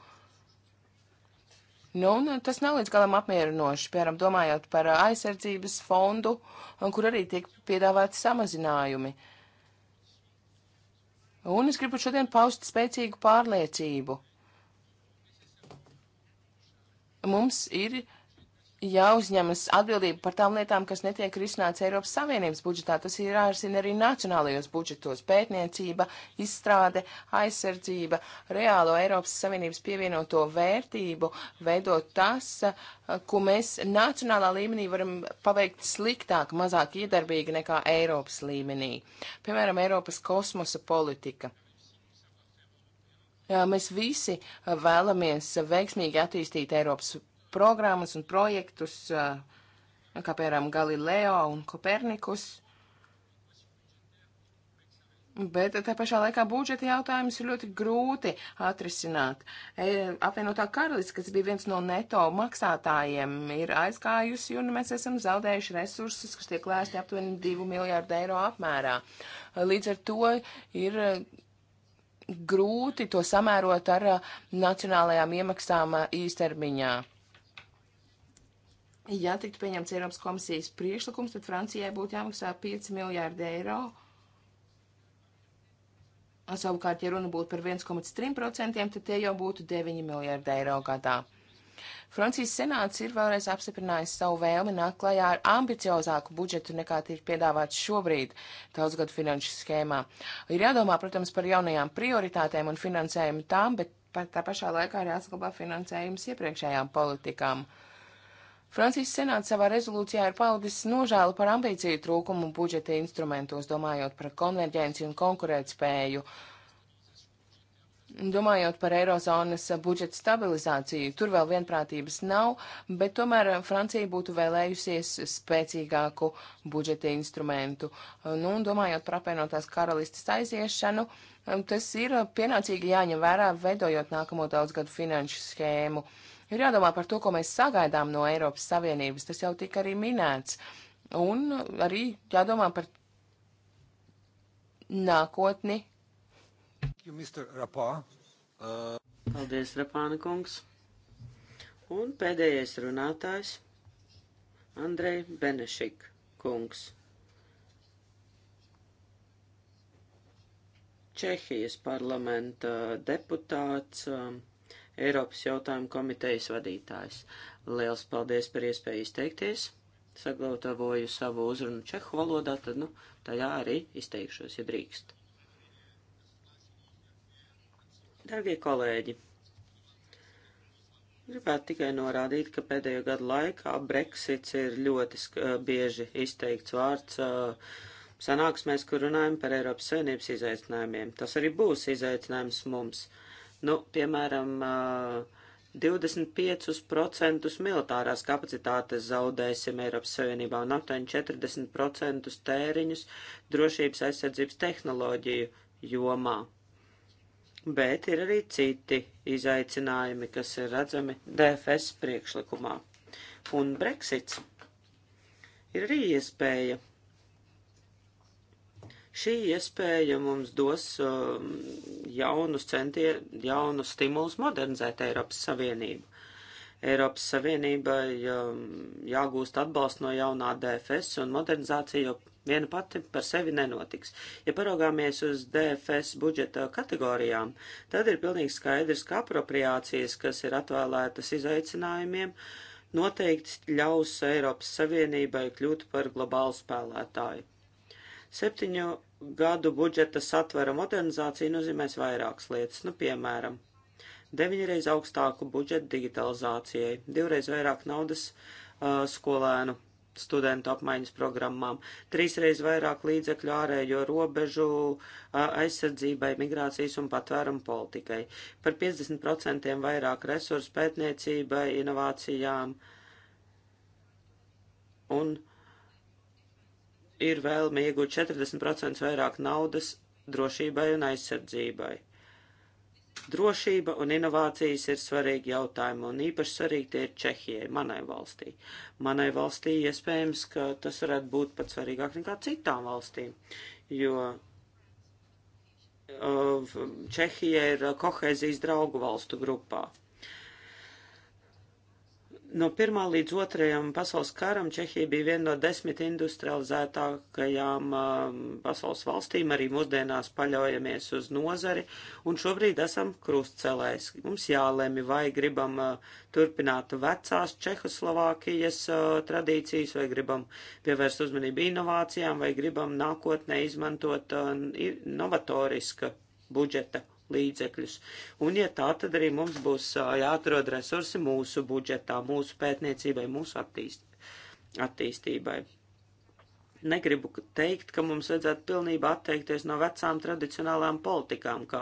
Nu, un tas nav līdz galam apmierinoši, piemēram, domājot par aizsardzības fondu, kur arī tiek piedāvāti samazinājumi. Un es gribu šodien paust spēcīgu pārliecību. Mums ir uh, jāuzņemas atbildība par tām lietām, kas netiek risināts Eiropas Savienības budžetā. Tas ir jārisina arī nacionālajos budžetos - pētniecība, izstrāde, aizsardzība, reālo Eiropas Savienības pievienoto vērtību, veidot tas, ko mēs nacionālā līmenī varam paveikt sliktāk, mazāk iedarbīgi nekā Eiropas līmenī. Piemēram, Eiropas kosmosa politika. Mēs visi vēlamies veiksmīgi attīstīt Eiropas programmas un projektus, eh, kā piemēram Galileo un Kopernikus. Bet tā pašā laikā budžeta jautājums ir ļoti grūti atrisināt. E, apvienotā karalis, kas bija viens no neto maksātājiem, ir aizgājusi un mēs esam zaudējuši resursus, kas tiek lēsti aptuveni 2 miljārdu eiro apmērā. Līdz ar to ir eh, grūti to samērot ar eh, nacionālajām iemaksām īstermiņā ja tiktu pieņemts Eiropas komisijas priekšlikums, tad Francijai būtu jāmaksā 5 miljārdi eiro. Savukārt, ja runa būtu par 1,3%, tad tie jau būtu 9 miljārdi eiro gadā. Francijas senāts ir vēlreiz apstiprinājis savu vēlmi nākt klajā ar ambiciozāku budžetu nekā tiek piedāvāts šobrīd daudzgadu finanšu schēmā. Ir jādomā, protams, par jaunajām prioritātēm un finansējumu tām, bet tā pašā laikā ir jāsaglabā finansējums iepriekšējām politikām. Uh, Francijas senāts savā rezolūcijā ir paudis nožēlu par ambīciju trūkumu budžeta instrumentos, domājot par konverģenci un konkurētspēju. spēju Domājot par Eirozonas budžeta stabilizāciju, tur vēl vienprātības nav, bet tomēr Francija būtu vēlējusies spēcīgāku budžeta instrumentu. Nu, un domājot par apvienotās karalistes aiziešanu, tas ir pienācīgi jāņem vērā, veidojot nākamo daudzgadu finanšu schēmu. Ir jādomā par to, ko mēs sagaidām no Eiropas Savienības, tas jau tika arī minēts. Un arī jādomā par nākotni Thank you, Mr. Rapā. Uh... Paldies, Rapāna kungs. Un pēdējais runātājs - Andrej Benešik kungs. Čehijas parlamenta deputāts, um, Eiropas jautājumu komitejas vadītājs. Liels paldies par iespēju izteikties. Sagatavoju savu uzrunu čehu valodā, tad nu, tajā arī izteikšos, ja drīkst. Darbie kolēģi, gribētu tikai norādīt, ka pēdējo gadu laikā Brexits ir ļoti bieži izteikts vārds sanāksmēs, kur runājam par Eiropas Savienības izaicinājumiem. Tas arī būs izaicinājums mums. Nu, piemēram, 25% militārās kapacitātes zaudēsim Eiropas Savienībā un aptuveni 40% tēriņus drošības aizsardzības tehnoloģiju jomā bet ir arī citi izaicinājumi, kas ir redzami DFS priekšlikumā. Un Brexits ir arī iespēja. Šī iespēja mums dos um, jaunus centie, jaunus stimulus modernizēt Eiropas Savienību. Eiropas Savienībai um, jāgūst atbalsts no jaunā DFS un modernizācija, jo viena pati par sevi nenotiks. Ja paraugāmies uz DFS budžeta kategorijām, tad ir pilnīgi skaidrs, ka apropriācijas, kas ir atvēlētas izaicinājumiem, noteikti ļaus Eiropas Savienībai kļūt par globālu spēlētāju. Septiņu gadu budžeta satvera modernizācija nozīmēs vairākas lietas, nu piemēram, deviņreiz augstāku budžetu digitalizācijai, divreiz vairāk naudas uh, skolēnu studentu apmaiņas programmām, trīsreiz vairāk līdzekļu ārējo robežu aizsardzībai, migrācijas un patvērumu politikai, par 50% vairāk resursu pētniecībai, inovācijām un ir vēlme iegūt 40% vairāk naudas drošībai un aizsardzībai. Drošība un inovācijas ir svarīgi jautājumi, un īpaši svarīgi tie ir Čehijai, manai valstī. Manai valstī iespējams, ka tas varētu būt pat svarīgāk nekā citām valstīm, jo uh, Čehija ir uh, kohēzijas draugu valstu grupā. No pirmā līdz otrajam pasaules karam Čehija bija viena no desmit industrializētākajām um, pasaules valstīm, arī mūsdienās paļaujamies uz nozari, un šobrīd esam krustcelēs. Mums jālemi, vai gribam uh, turpināt vecās Čehoslovākijas uh, tradīcijas, vai gribam pievērst uzmanību inovācijām, vai gribam nākotnē izmantot uh, novatoriska budžeta līdzekļus. Un, ja tā, tad arī mums būs jāatrod resursi mūsu budžetā, mūsu pētniecībai, mūsu attīst, attīstībai. Negribu teikt, ka mums vajadzētu pilnībā atteikties no vecām tradicionālām politikām, kā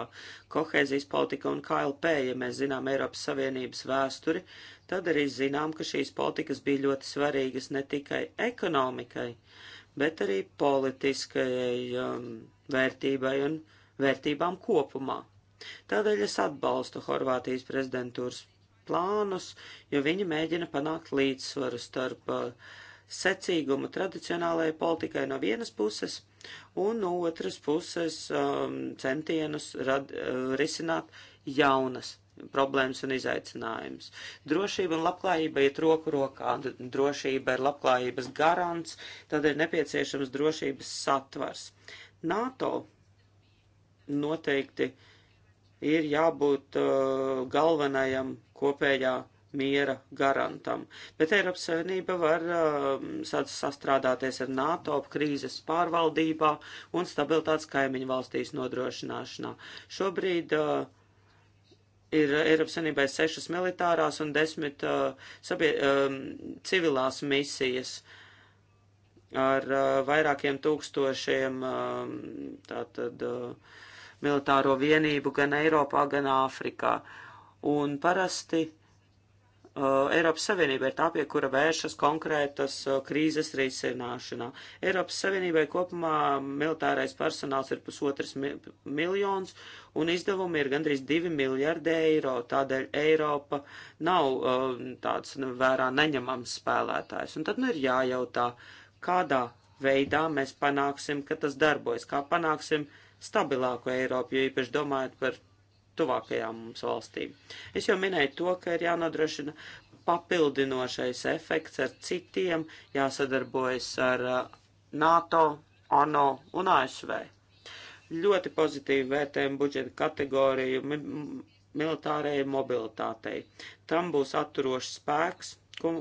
kohēzijas politika un KLP, ja mēs zinām Eiropas Savienības vēsturi, tad arī zinām, ka šīs politikas bija ļoti svarīgas ne tikai ekonomikai, bet arī politiskajai um, vērtībai un vērtībām kopumā. Tādēļ es atbalstu Horvātijas prezidentūras plānus, jo viņi mēģina panākt līdzsvaru starp uh, secīgumu tradicionālajai politikai no vienas puses un no otras puses um, centienus rad, uh, risināt jaunas problēmas un izaicinājumus. Drošība un labklājība iet roku rokā. Drošība ir labklājības garants, tad ir nepieciešams drošības satvars. NATO noteikti uh, ir jābūt uh, galvenajam kopējā miera garantam. Bet Eiropas Savienība var uh, sastrādāties ar NATO krīzes pārvaldībā un stabilitātes kaimiņu valstīs nodrošināšanā. Šobrīd uh, ir Eiropas Savienībai sešas militārās un desmit uh, sabie, um, civilās misijas ar uh, vairākiem tūkstošiem uh, tātad. Uh, militāro vienību gan Eiropā, gan Āfrikā. Un parasti Uh, Eiropas Savienība ir tā, pie kura vēršas konkrētas uh, krīzes risināšanā. Eiropas Savienībai kopumā militārais personāls ir pusotras mi miljons un izdevumi ir gandrīz divi miljardi eiro. Tādēļ Eiropa nav uh, tāds nu, vērā neņemams spēlētājs. Un tad nu ir jājautā, kādā veidā mēs panāksim, ka tas darbojas, kā panāksim, uh, stabilāku Eiropu, jo īpaši domājot par tuvākajām mums valstīm. Es jau minēju to, ka ir jānodrošina papildinošais efekts ar citiem, jāsadarbojas ar uh, NATO, ANO un ASV. Ļoti pozitīvi vērtējam budžeta kategoriju militārajai mobilitātei. Tam būs atturošs spēks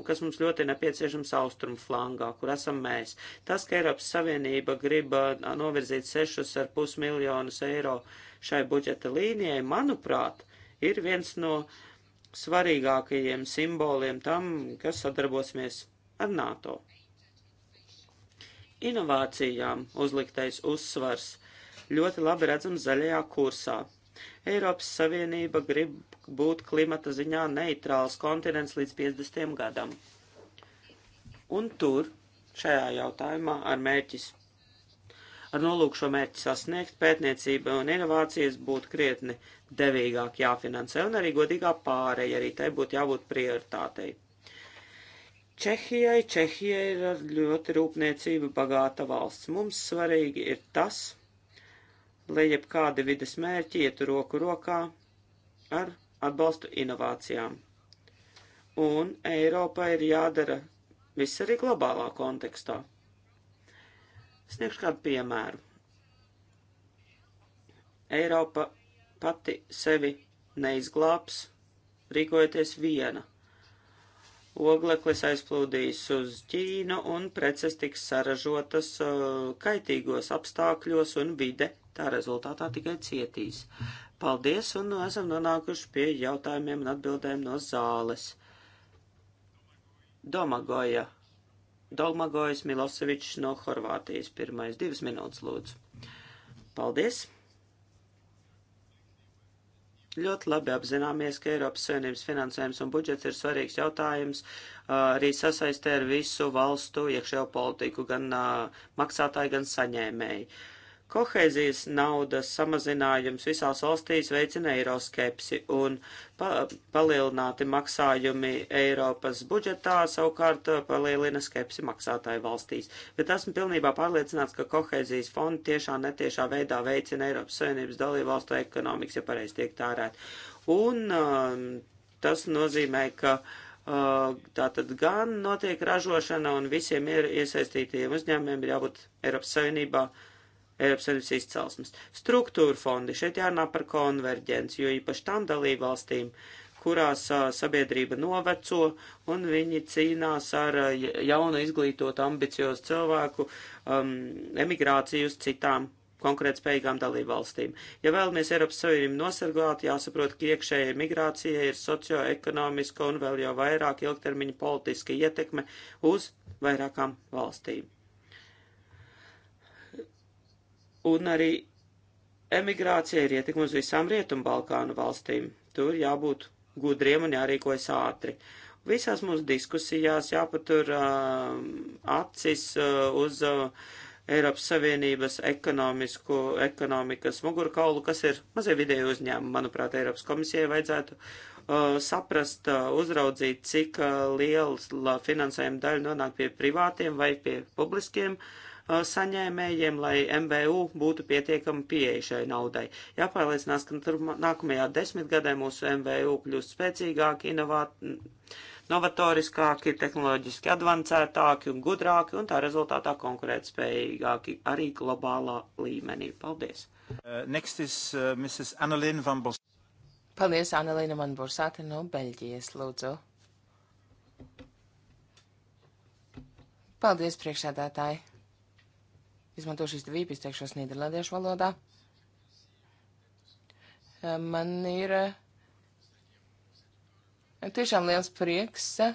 kas mums ļoti nepieciešams austrumu flangā, kur esam mēs. Tas, ka Eiropas Savienība grib novirzīt 6,5 miljonus eiro šai budžeta līnijai, manuprāt, ir viens no svarīgākajiem simboliem tam, kas sadarbosimies ar NATO. Inovācijām uzliktais uzsvars ļoti labi redzams zaļajā kursā. Eiropas Savienība grib būt klimata ziņā neitrāls kontinents līdz 50. gadam. Un tur, šajā jautājumā, ar mērķis, ar nolūku šo mērķi sasniegt, pētniecība un inovācijas būtu krietni devīgāk jāfinansē un arī godīgā pārēja, arī tai būtu jābūt prioritātei. Čehijai, Čehija ir ļoti rūpniecība bagāta valsts. Mums svarīgi ir tas, lai jebkādi vides mērķi ietu roku rokā ar atbalstu inovācijām. Un Eiropa ir jādara viss arī globālā kontekstā. Sniegšu kādu piemēru. Eiropa pati sevi neizglābs, rīkojoties viena. Ogleklis aizplūdīs uz Ķīnu un preces tiks saražotas uh, kaitīgos apstākļos un vide tā rezultātā tikai cietīs. Paldies un esam nonākuši pie jautājumiem un atbildēm no zāles. Domagoja. Domagojas Milosevičs no Horvātijas. Pirmais divas minūtes lūdzu. Paldies! Ļoti labi apzināmies, ka Eiropas Savienības finansējums un budžets ir svarīgs jautājums arī sasaistē ar visu valstu iekšējo politiku, gan maksātāji, gan saņēmēji. Kohēzijas naudas samazinājums visās valstīs veicina eiroskepsi un pa palielināti maksājumi Eiropas budžetā savukārt uh, palielina skepsi maksātāju valstīs. Bet esmu pilnībā pārliecināts, ka kohēzijas fonda tiešā netiešā veidā veicina Eiropas Savienības dalību valstu ekonomikas, ja pareizi tiek tārēt. Un um, tas nozīmē, ka. Uh, tātad gan notiek ražošana un visiem ir iesaistītiem uzņēmumiem ir jābūt Eiropas Savienībā uh, Eiropas Savienības izcelsmes. Struktūra fondi šeit jārunā par konverģenci, jo īpaši tam dalībvalstīm, kurās a, sabiedrība noveco un viņi cīnās ar a, jaunu izglītot ambiciozu cilvēku um, emigrāciju uz citām konkurētspējīgām dalībvalstīm. Ja vēlamies Eiropas Savienību nosargāt, jāsaprot, ka iekšējai migrācijai ir socioekonomiska un vēl jau vairāk ilgtermiņa politiska ietekme uz vairākām valstīm. Un arī emigrācija ir ietekme uz visām Rietumbalkānu valstīm. Tur jābūt gudriem un jārīkojas ātri. Visās mūsu diskusijās jāpatur uh, acis uh, uz uh, Eiropas Savienības ekonomisku, ekonomikas mugurkaulu, kas ir mazie vidēji uzņēmumi. Manuprāt, Eiropas komisijai vajadzētu uh, saprast, uh, uzraudzīt, cik uh, liela finansējuma daļa nonāk pie privātiem vai pie publiskiem uh, Uh, saņēmējiem, lai MVU būtu pietiekama pieeja šai naudai. Jāpārliecinās, ka tur nākamajā desmitgadē mūsu MVU kļūst spēcīgāki, novatoriskāki, tehnoloģiski advancētāki un gudrāki, un tā rezultātā konkurētspējīgāki arī globālā līmenī. Paldies! Uh, next is uh, Mrs. Annalena van Bos. Paldies, Annalena van Borsāte no Beļģijas, lūdzu. Paldies, priekšādātāji! Izmantošu izdevību izteikšos nīderlandiešu valodā. E, man ir e, tiešām liels prieks e,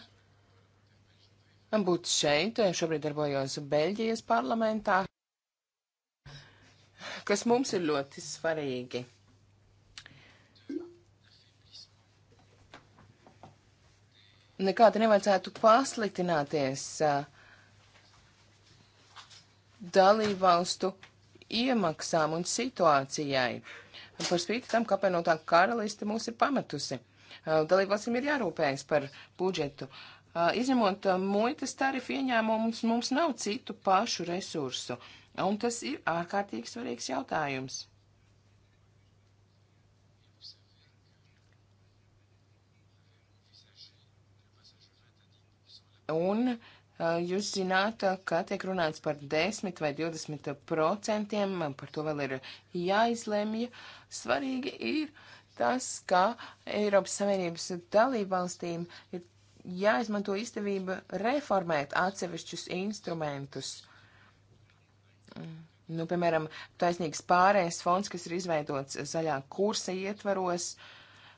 būt šeit. Šobrīd darbojos Beļģijas parlamentā, kas mums ir ļoti svarīgi. Nekādi nevajadzētu pasliktināties uh, dalībvalstu iemaksām un situācijai. Par spīti tam, kāpēc no tā karaliste mūs ir pametusi. Dalībvalstīm ir jārūpējas par budžetu. Izņemot muitas tarifu ieņēmumus, mums nav citu pašu resursu. Un tas ir ārkārtīgi svarīgs jautājums. Un uh, Eh, jūs zināt, eh, ka tiek runāts par 10 vai 20 procentiem, par to vēl ir jāizlemj. Svarīgi ir tas, ka Eiropas Savienības dalībvalstīm ir jāizmanto izdevība reformēt atsevišķus instrumentus. Nu, piemēram, taisnīgs pārējais fonds, kas ir izveidots zaļā kursa ietvaros.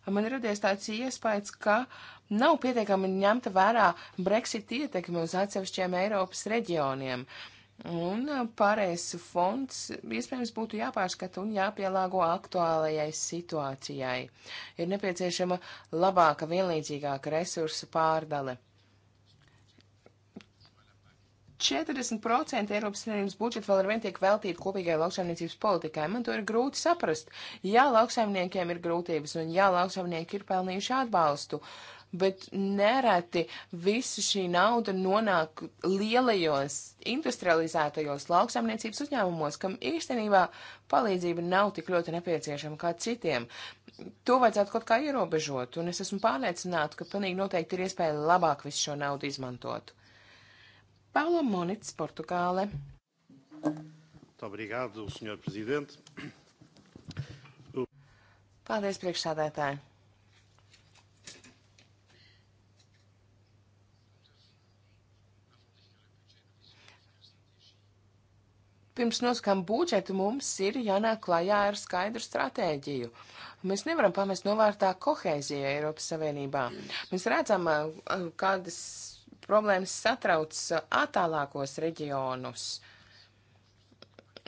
Man ir radies tāds iespējas, ka uh, nav pietiekami ņemta vērā Brexit ietekme uz atsevišķiem Eiropas reģioniem. Un uh, pārējais fonds iespējams būtu jāpārskata un jāpielāgo aktuālajai situācijai. Ir nepieciešama labāka, vienlīdzīgāka resursu pārdale. 40% Eiropas Savienības budžeta vēl ar vien tiek veltīta kopīgai lauksaimniecības politikai. Man to ir grūti saprast. Jā, lauksaimniekiem ir grūtības, un jā, lauksaimnieki ir pelnījuši atbalstu. Uh, bet nereti visa šī nauda nonāk lielajos industrializētajos lauksaimniecības uzņēmumos, kam īstenībā palīdzība nav tik ļoti nepieciešama kā citiem. To vajadzētu kaut kā ierobežot, un es esmu pārliecināta, ka pilnīgi noteikti ir iespēja labāk visu šo naudu izmantot. Paulo Monits, Portugāle. Obrigado, Sr. Presidente. Paldies, priekšsādētāji. pirms nosakām budžetu, mums ir jānāk klajā ar skaidru stratēģiju. Mēs nevaram pamest novārtā kohēziju Eiropas Savienībā. Mēs redzam, kādas problēmas satrauc attālākos reģionus.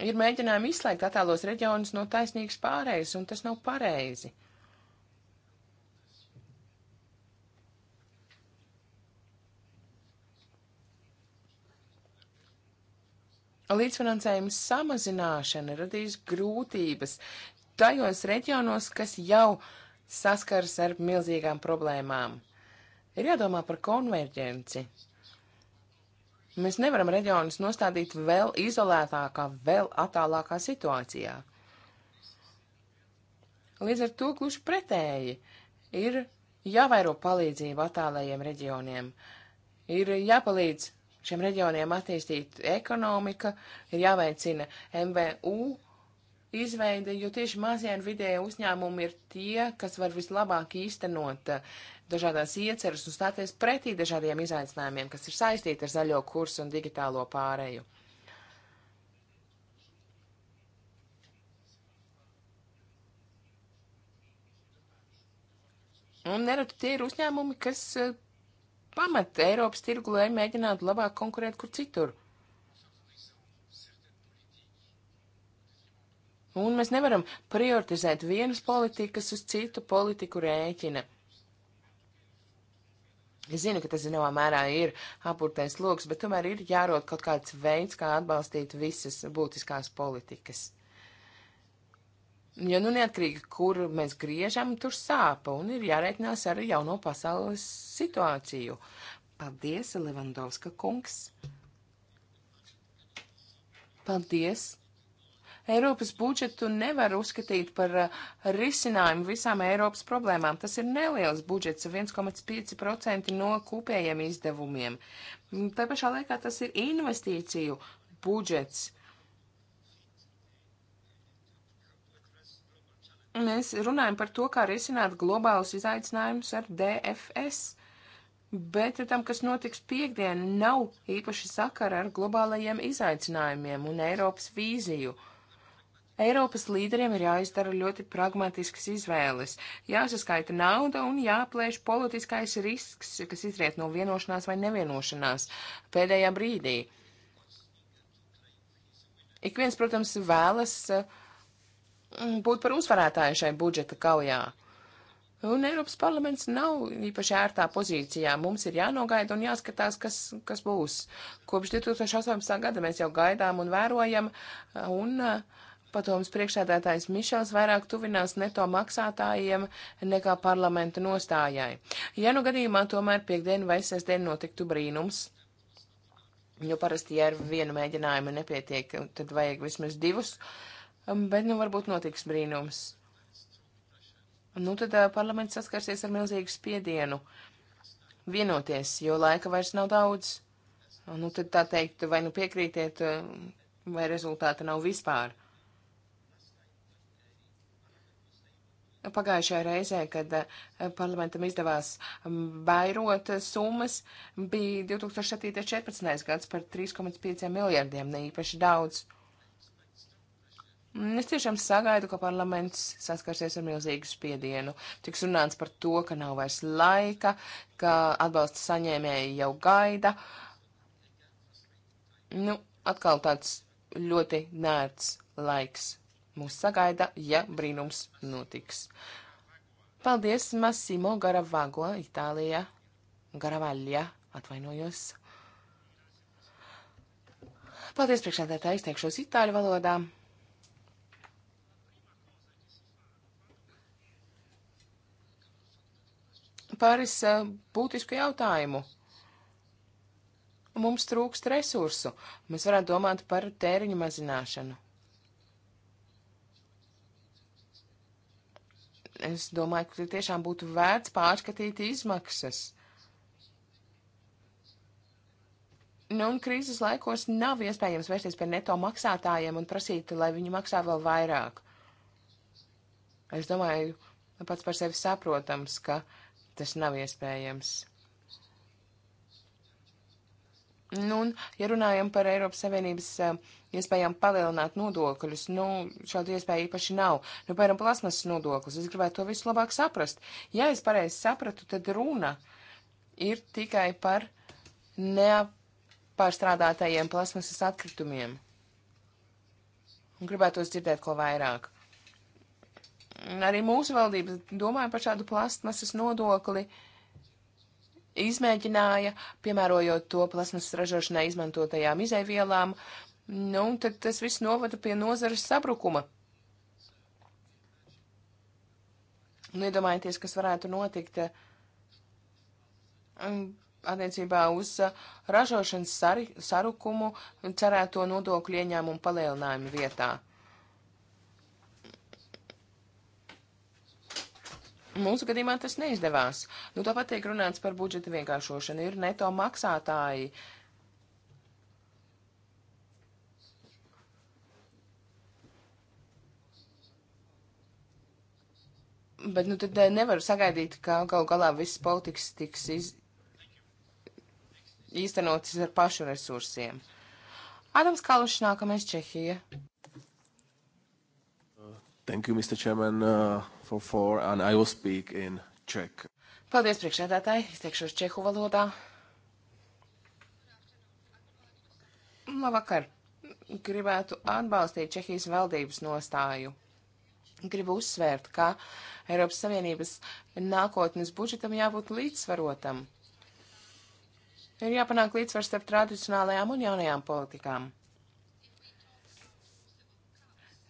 Ir mēģinājumi izslēgt attālos reģionus no taisnīgas pārējas, un tas nav pareizi. līdzfinansējuma samazināšana radīs grūtības tajos reģionos, kas jau saskars ar milzīgām problēmām. Ir jādomā par konverģenci. Mēs nevaram reģionus nostādīt vēl izolētākā, vēl attālākā situācijā. Līdz ar to gluži pretēji ir jāvairo palīdzību attālajiem reģioniem, ir jāpalīdz šiem reģioniem attīstīt ekonomika, ir jāveicina MVU izveide, jo tieši mazie un vidēji uzņēmumi ir tie, kas var vislabāk īstenot eh, dažādās ieceras un stāties pretī dažādiem izaicinājumiem, kas ir saistīti ar zaļo kursu un digitālo pāreju. Un nereti tie ir uzņēmumi, kas eh, pamet Eiropas tirgu, lai mēģinātu labāk konkurēt kur citur. Un mēs nevaram prioritizēt vienas politikas uz citu politiku rēķina. Es zinu, ka tas zināmā mērā ir apurtais loks, bet tomēr ir jārod kaut kāds veids, kā atbalstīt visas būtiskās politikas. Jo nu neatkarīgi, kur mēs griežam, tur sāpa un ir jārēķinās ar jauno pasaules situāciju. Paldies, Levandovska kungs! Paldies! Eiropas budžetu nevar uzskatīt par uh, risinājumu visām Eiropas problēmām. Tas ir neliels budžets, 1,5% no kopējiem izdevumiem. Tā pašā laikā tas ir investīciju budžets. mēs runājam par to, kā risināt globālus izaicinājumus ar DFS. Bet tam, kas notiks piekdien, nav īpaši sakara ar globālajiem izaicinājumiem un Eiropas vīziju. Eiropas līderiem ir jāizdara ļoti pragmatiskas izvēles, jāsaskaita nauda un jāplēš politiskais risks, kas izriet no vienošanās vai nevienošanās pēdējā brīdī. Ik viens, protams, vēlas uh, Mm, būt par uzvarētāju šai budžeta kaujā. Un Eiropas parlaments nav īpaši ērtā pozīcijā. Mums ir jānogaida un jāskatās, kas, kas būs. Kopš 2018. gada mēs jau gaidām un vērojam, un uh, padomus priekšsēdētājs Mišels vairāk tuvinās neto maksātājiem nekā parlamenta nostājai. Ja nu gadījumā tomēr piekdien vai sestdien notiktu brīnums, jo parasti, ja ar vienu mēģinājumu nepietiek, tad vajag vismaz divus. Uh, Um, bet nu varbūt notiks brīnums. Nu tad uh, parlaments saskarsies ar milzīgu spiedienu vienoties, jo laika vairs nav daudz. Nu tad tā teikt, vai nu piekrītiet, uh, vai rezultāta nav vispār. Pagājušajā reizē, kad uh, parlamentam izdevās um, vairot summas, bija 2017. gads par 3,5 miljardiem, ne īpaši daudz. Mm, es tiešām sagaidu, ka parlaments saskarsies ar milzīgu spiedienu. Tiks runāts par to, ka nav vairs laika, ka atbalsta saņēmēji jau gaida. Nu, atkal tāds ļoti nērts laiks mūs sagaida, ja brīnums notiks. Paldies, Massimo Garavago, Itālijā. Garavaļļa, atvainojos. Paldies, priekšādētāji, izteikšos itāļu valodā. pāris eh, būtisku jautājumu. Mums trūkst resursu. Mēs varētu domāt par tēriņu mazināšanu. Es domāju, ka tiešām būtu vērts pārskatīt izmaksas. Nu, un krīzes laikos nav iespējams vērsties pie neto maksātājiem un prasīt, lai viņi maksā vēl vairāk. Es domāju, pats par sevi saprotams, ka uh, tas nav iespējams. Nu, un, ja runājam par Eiropas Savienības uh, iespējām palielināt nodokļus, nu, šādu iespēju īpaši nav. Nu, piemēram, plasmasas nodoklis, es gribētu to visu labāk saprast. Ja es pareizi sapratu, tad runa ir tikai par neapārstrādātajiem plasmasas atkritumiem. Un gribētu dzirdēt ko vairāk arī mūsu valdības domāja par šādu plastmasas nodokli, izmēģināja, piemērojot to plasmasas ražošanai izmantotajām izēvielām, nu, un tad tas viss novada pie nozares sabrukuma. Un nu, iedomājieties, kas varētu notikt um, attiecībā uz uh, ražošanas sarukumu cerēto nodokļu ieņēmumu palielinājumu vietā. Mūsu gadījumā tas neizdevās. Nu, tāpat tiek runāts par budžeta vienkāršošanu. Ir neto maksātāji. Bet, nu, tad eh, nevar sagaidīt, ka gal galā viss politikas tiks iz... īstenotas ar pašu resursiem. Adams Kalušs, nākamais Čehija. Thank you, Mr. Chairman. Uh for four, and I will speak in Czech. Paldies, priekšsēdētāji. Izteikšos čehu valodā. Nu, labvakar. Gribētu atbalstīt Čehijas valdības nostāju. Gribu uzsvērt, ka Eiropas Savienības nākotnes budžetam jābūt līdzsvarotam. Ir jāpanāk līdzsvars starp tradicionālajām un jaunajām politikām.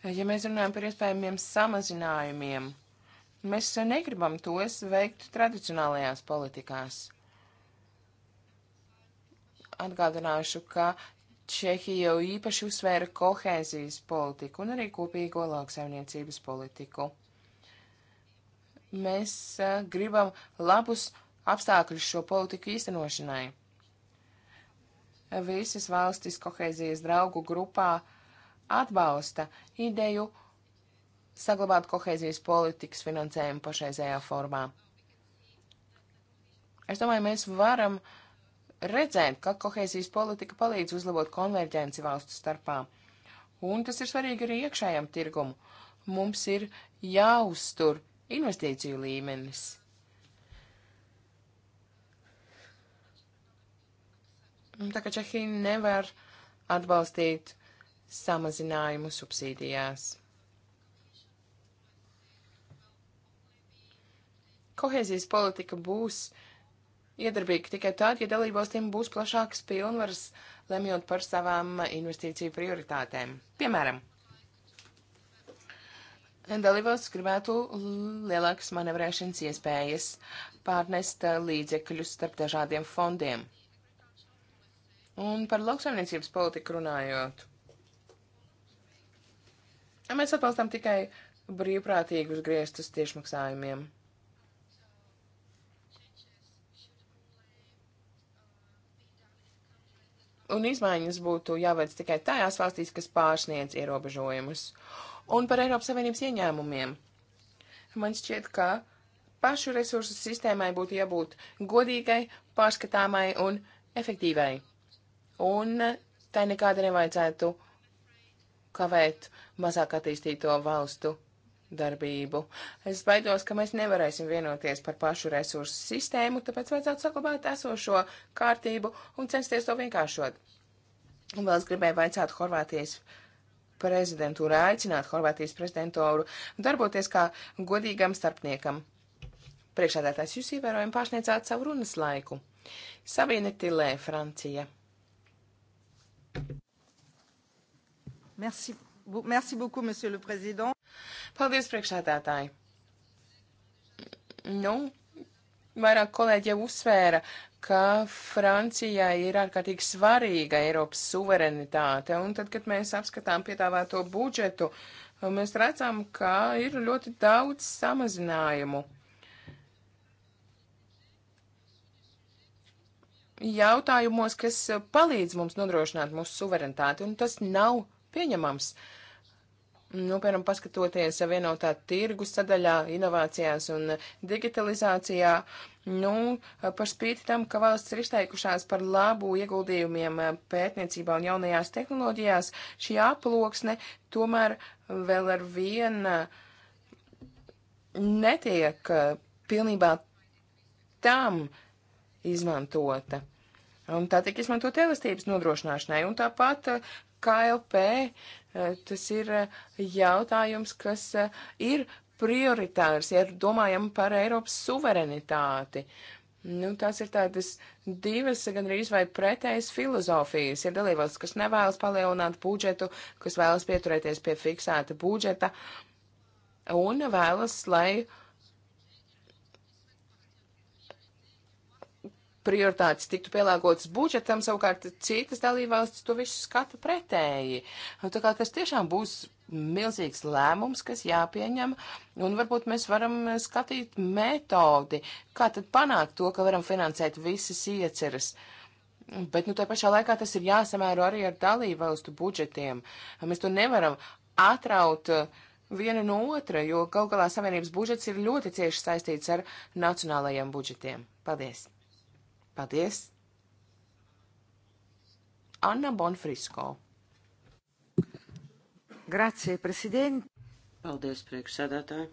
Ja mēs runājam par iespējamiem samazinājumiem, Mēs negribam tos veikt tradicionālajās politikās. Atgādināšu, ka Čehija jau īpaši uzsvēra kohēzijas politiku un arī kopīgo lauksaimniecības politiku. Mēs a, gribam labus apstākļus šo politiku īstenošanai. Visas valstis kohēzijas draugu grupā atbalsta ideju saglabāt kohēzijas politikas finansējumu pašreizējā formā. Es domāju, mēs varam redzēt, ka kohēzijas politika palīdz uzlabot konverģenci valstu starpā. Un tas ir svarīgi arī iekšējam tirgumu. Mums ir jāuztur investīciju līmenis. Un tā kā Čehija nevar atbalstīt samazinājumu subsīdijās. Kohēzijas politika būs iedarbīga tikai tad, ja dalībvalstīm būs plašākas pilnvaras lemjot par savām investīciju prioritātēm. Piemēram, dalībvalsts gribētu lielākas manevrēšanas iespējas pārnest līdzekļus starp dažādiem fondiem. Un par lauksaimniecības politiku runājot. Mēs atbalstām tikai brīvprātīgus griestus tiešmaksājumiem. un izmaiņas būtu jāveic tikai tajās valstīs, kas pārsniedz ierobežojumus. Un par Eiropas Savienības ieņēmumiem. Man šķiet, ka pašu resursu sistēmai būtu jābūt godīgai, pārskatāmai un efektīvai. Un tai nekāda nevajadzētu kavēt mazāk attīstīto valstu darbību. Es baidos, ka mēs nevarēsim vienoties par pašu resursu sistēmu, tāpēc vajadzētu saglabāt esošo kārtību un censties to vienkāršot. Un vēl es gribēju vaicāt Horvātijas prezidentūru, aicināt Horvātijas prezidentūru darboties kā godīgam starpniekam. Priekšādātājs jūs ievērojami pārsniedzāt savu runas laiku. Sabīne Tilē, Francija. Merci. Merci beaucoup, monsieur le président. Paldies, priekšsēdētāji. Nu, vairāk kolēģi jau uzsvēra, ka Francijai ir ārkārtīgi svarīga Eiropas suverenitāte, un tad, kad mēs apskatām piedāvāto budžetu, mēs redzam, ka ir ļoti daudz samazinājumu. jautājumos, kas palīdz mums nodrošināt mūsu suverenitāti, un tas nav pieņemams. Nu, piemēram, paskatoties vienotā tirgus sadaļā, inovācijās un digitalizācijā, nu, par spīti tam, ka valsts ir izteikušās par labu ieguldījumiem pētniecībā un jaunajās tehnoloģijās, šī aploksne tomēr vēl ar vienu netiek pilnībā tam izmantota. Un tā tika izmantot elastības nodrošināšanai, un tāpat KLP eh, tas ir eh, jautājums, kas eh, ir prioritārs, ja domājam par Eiropas suverenitāti. Nu, tās ir tādas divas, gan arī vai pretējas filozofijas. Ir dalībvalsts, kas nevēlas palielināt budžetu, kas vēlas pieturēties pie fiksēta budžeta un vēlas, lai uh, prioritātes tiktu pielāgotas budžetam, savukārt citas dalībvalstis to visu skata pretēji. Tā kā tas tiešām būs milzīgs lēmums, kas jāpieņem, un varbūt mēs varam skatīt metodi, kā tad panākt to, ka varam finansēt visas ieceras. Bet, nu, tā pašā laikā tas ir jāsamēro arī ar dalībvalstu budžetiem. Mēs to nevaram atraut uh, viena no otra, jo gal galā Savienības budžets ir ļoti cieši saistīts ar nacionālajiem budžetiem. Paldies! Paldies! Anna Bonfrisko. Grazie, prezident! Paldies, priekšsēdētāji!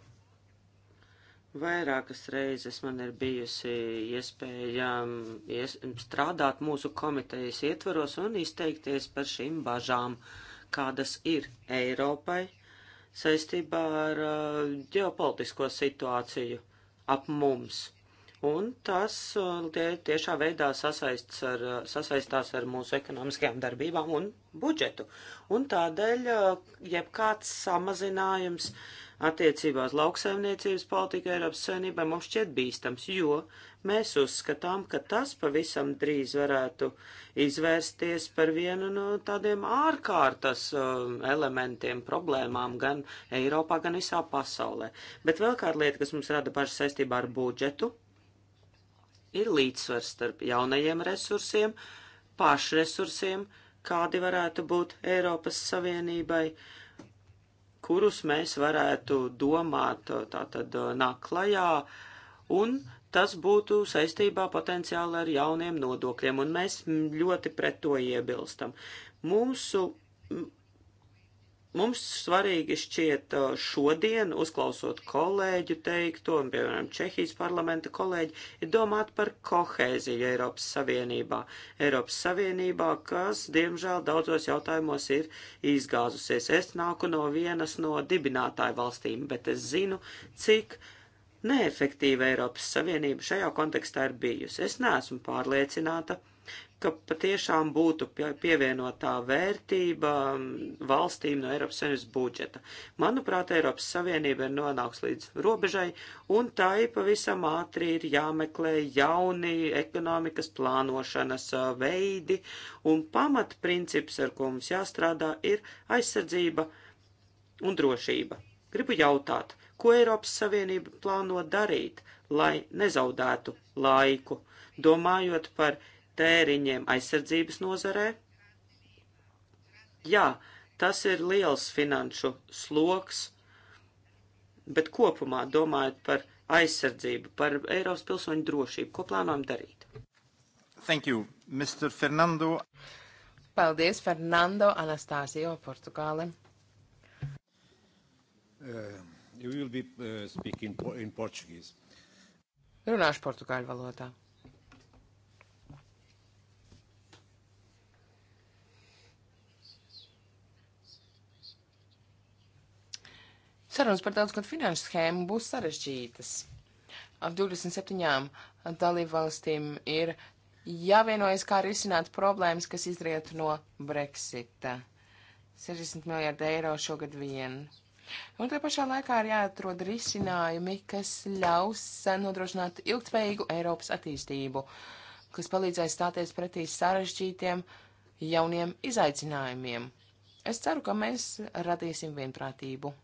Vairākas reizes man ir bijusi iespēja um, ies, strādāt mūsu komitejas ietvaros un izteikties par šīm bažām, kādas ir Eiropai saistībā ar uh, ģeopolitisko situāciju ap mums un tas uh, tie, tiešā veidā sasaists ar, uh, sasaistās ar mūsu ekonomiskajām darbībām un budžetu. Un tādēļ uh, jebkāds samazinājums attiecībās lauksaimniecības politika Eiropas Savienībai mums šķiet bīstams, jo mēs uzskatām, ka tas pavisam drīz varētu izvērsties par vienu no tādiem ārkārtas um, elementiem, problēmām gan Eiropā, gan visā pasaulē. Bet vēl kāda lieta, kas mums rada paša saistībā ar budžetu, ir līdzsvars starp jaunajiem resursiem, pašresursiem, kādi varētu būt Eiropas Savienībai, kurus mēs varētu domāt tātad naklajā, un tas būtu saistībā potenciāli ar jauniem nodokļiem, un mēs ļoti pret to iebilstam. Mūsu Mums svarīgi šķiet uh, šodien, uzklausot kolēģu teikto, un, piemēram, Čehijas parlamenta kolēģi, ir domāt par kohēziju Eiropas Savienībā. Eiropas Savienībā, kas, diemžēl, daudzos jautājumos ir izgāzusies. Es nāku no vienas no dibinātāju valstīm, bet es zinu, cik neefektīva Eiropas Savienība šajā kontekstā ir bijusi. Es neesmu pārliecināta, ka ka patiešām būtu pievienotā vērtība valstīm no Eiropas Savienības budžeta. Manuprāt, Eiropas Savienība ir nonāks līdz robežai, un tai pavisam ātri ir jāmeklē jauni ekonomikas plānošanas veidi, un pamatprincips, ar ko mums jāstrādā, ir aizsardzība un drošība. Gribu jautāt, ko Eiropas Savienība plāno darīt, lai nezaudētu laiku, domājot par tēriņiem aizsardzības nozarē. Jā, tas ir liels finanšu sloks, bet kopumā domājot par aizsardzību, par Eiropas pilsoņu drošību, ko plānojam darīt? Thank you, Mr. Fernando. Paldies, Fernando Anastasio, Portugāle. Uh, you will be uh, speaking in Portuguese. Runāšu portugāļu valodā. Sarunas par daudzgadu finanšu schēmu būs sarežģītas. Ap 27 dalībvalstīm ir jāvienojas, kā risināt problēmas, kas izriet no Brexita. 60 miljārdi eiro šogad vien. Un tajā pašā laikā ir jāatrod risinājumi, kas ļaus nodrošināt ilgtspējīgu Eiropas attīstību, kas palīdzēs stāties pretī sarežģītiem jauniem izaicinājumiem. Es ceru, ka mēs radīsim vienprātību.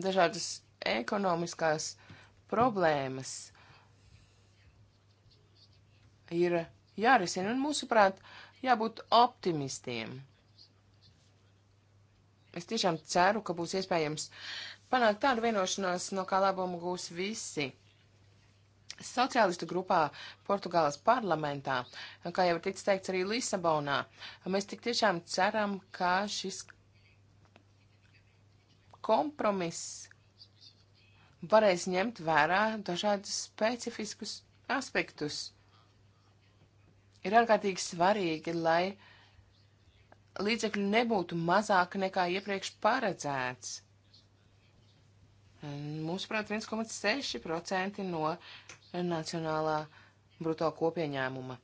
dažādas ekonomiskās problēmas ir jārisina, un mūsuprāt, jābūt optimistiem. Es tiešām ceru, ka būs iespējams panākt tādu vienošanos, no kā labumu gūs visi. Sociālistu grupā Portugāles parlamentā, kā jau ir ticis teikts arī Lisabonā, mēs tik tiešām ceram, ka šis kompromiss varēs ņemt vērā dažādus specifiskus aspektus. Ir ārkārtīgi svarīgi, lai līdzekļu nebūtu mazāk nekā iepriekš paredzēts. Mūsuprāt, 1,6% no nacionālā bruto kopieņēmuma.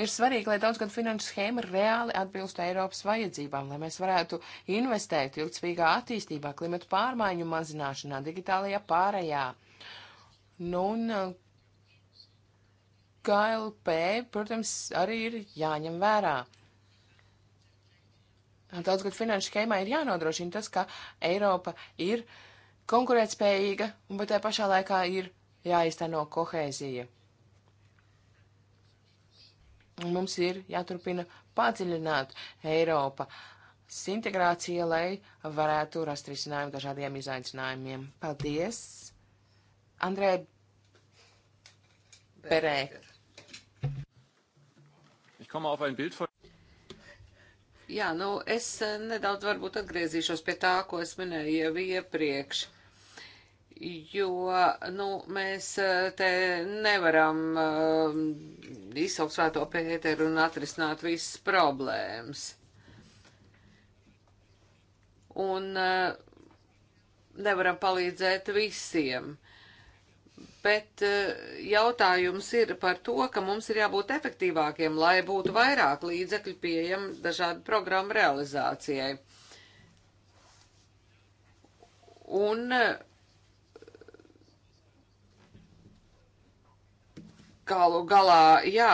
Ir svarīgi, lai daudzgadu finanšu schēma reāli atbilstu Eiropas vajadzībām, lai mēs varētu investēt ilgspīgā attīstībā, klimatu pārmaiņu mazināšanā, digitālajā pārējā. Nu, un uh, KLP, protams, arī ir jāņem vērā. Daudzgad finanšu schēmā ir jānodrošina tas, ka Eiropa ir konkurētspējīga, un bet tajā pašā laikā ir jāizteno kohēzija. Mums ir jāturpina padziļināt Eiropa integrācija, lai varētu rast risinājumu dažādiem izaicinājumiem. Paldies! Andrē Berē. Jā, nu es eh, nedaudz varbūt atgriezīšos pie tā, ko es minēju jau iepriekš. Uh, jo, nu, mēs eh, te nevaram uh, eh, izsaukt svēto Pēteru un atrisināt visas problēmas. Un uh, nevaram palīdzēt visiem. Bet uh, jautājums ir par to, ka mums ir jābūt efektīvākiem, lai būtu vairāk līdzekļu pieejam dažādu programmu realizācijai. Un uh, galu galā, jā,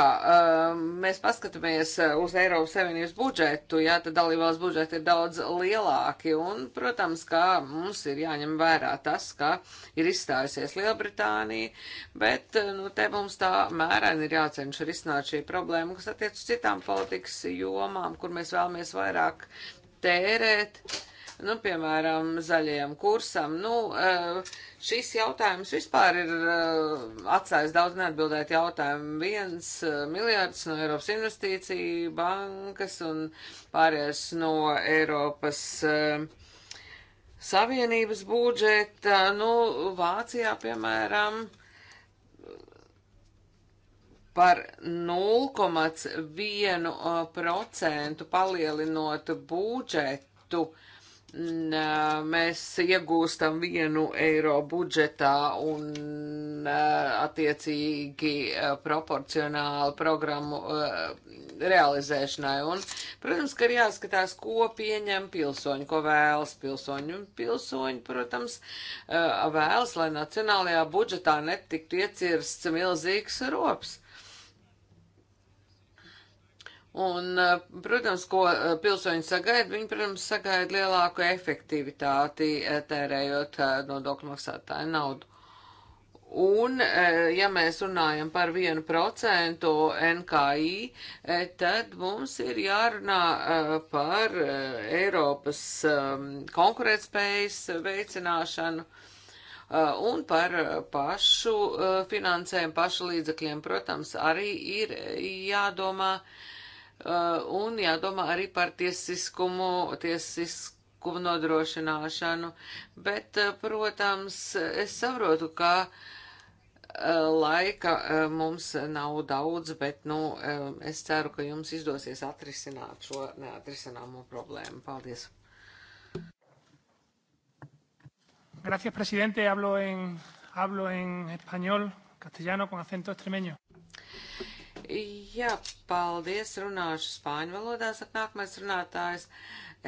um, mēs paskatāmies uh, uz Eiropas Savienības budžetu, jā, tad dalībvalsts budžeti ir daudz lielāki, un, protams, ka mums ir jāņem vērā tas, ka ir izstājusies Lielbritānija, bet, uh, nu, te mums tā mērēni ir jācenš risināt šī problēma, kas attiec uz citām politikas jomām, kur mēs vēlamies vairāk tērēt. Uh, nu, piemēram, zaļajam kursam. Nu, eh, šis jautājums vispār ir eh, atstājis daudz neatbildēt jautājumu. Viens eh, miljards no Eiropas investīcija bankas un pārējais no Eiropas Savienības budžeta. Nu, Vācijā, piemēram, par 0,1% palielinot budžetu. Uh, mēs iegūstam vienu eiro budžetā un attiecīgi proporcionāli programmu realizēšanai. Un, protams, ka ir jāskatās, ko pieņem pilsoņi, ko vēlas pilsoņi. Un pilsoņi, protams, vēlas, lai nacionālajā budžetā netiktu iecirsts milzīgs rops. Un, eh, protams, ko eh, pilsoņi sagaida, viņi, protams, sagaida lielāku efektivitāti eh, tērējot nodokļu maksātāju naudu. Un, ja mēs runājam par 1% NKI, tad mums ir jārunā par Eiropas ehm, konkurētspējas veicināšanu un par pašu finansējumu, pašu līdzekļiem. Protams, arī ir jādomā par Uh, un jādomā arī par tiesiskumu, tiesiskumu nodrošināšanu. Bet, uh, protams, es saprotu, ka uh, laika mums nav daudz, bet, nu, es ceru, ka jums izdosies atrisināt šo neatrisināmo problēmu. Paldies! Gracias, presidente. Hablo en, hablo en español, castellano, con acento extremeño. Jā, paldies, runāšu spāņu valodā, saka nākamais runātājs.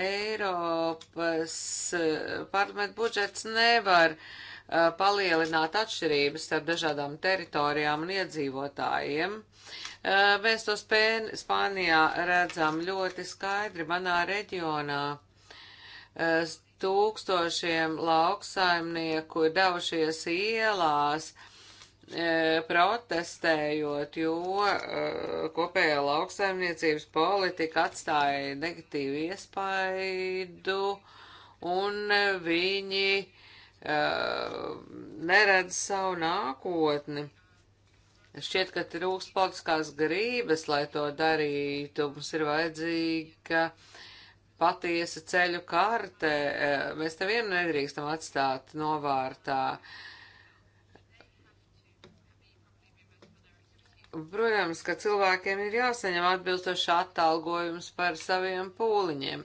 Eiropas eh, parlamenta budžets nevar uh, palielināt atšķirības starp dažādām teritorijām un iedzīvotājiem. Uh, mēs to spēn, Spānijā redzam ļoti skaidri manā reģionā. Uh, tūkstošiem lauksaimnieku ir devušies ielās E, protestējot, jo e, kopējā lauksaimniecības politika atstāja negatīvu iespaidu un viņi uh, neredz savu nākotni. Šķiet, ka trūkst politiskās grības, lai to darītu. Mums ir vajadzīga patiesa ceļu karte. Mēs nevienu nedrīkstam atstāt novārtā. Uh, Protams, ka cilvēkiem ir jāsaņem atbilstoši atalgojums par saviem pūliņiem.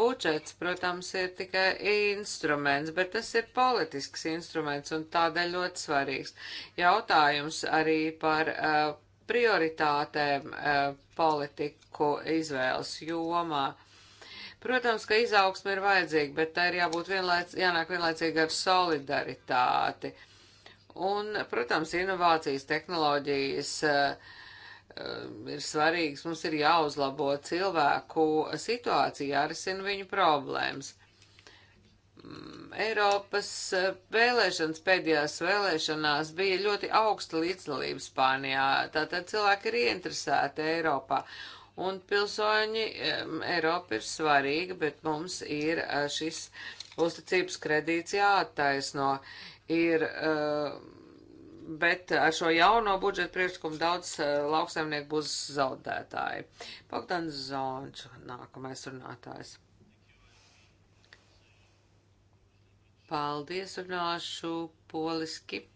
Budžets, protams, ir tikai instruments, bet tas ir politisks instruments un tādēļ ļoti svarīgs. Jautājums arī par uh, prioritātēm uh, politiku izvēles jomā. Protams, ka izaugsme ir vajadzīga, bet tā ir jābūt vienlaic, jānāk vienlaicīgi ar solidaritāti. Uh, Un, protams, inovācijas tehnoloģijas uh, ir svarīgas, mums ir jāuzlabo cilvēku situācija, jārisina viņu problēmas. Mm, Eiropas eh, vēlēšanas pēdējās vēlēšanās bija ļoti augsta līdzdalība Spānijā, tātad cilvēki ir ieinteresēti Eiropā. Un pilsoņi, eh, Eiropa ir svarīga, bet mums ir šis uzticības kredīts jāattaisno. No ir, eh, bet ar šo jauno budžetu priekšlikumu daudz eh, lauksaimnieku būs zaudētāji. Pagdans Zonču, nākamais runātājs. Paldies, runāšu poliski.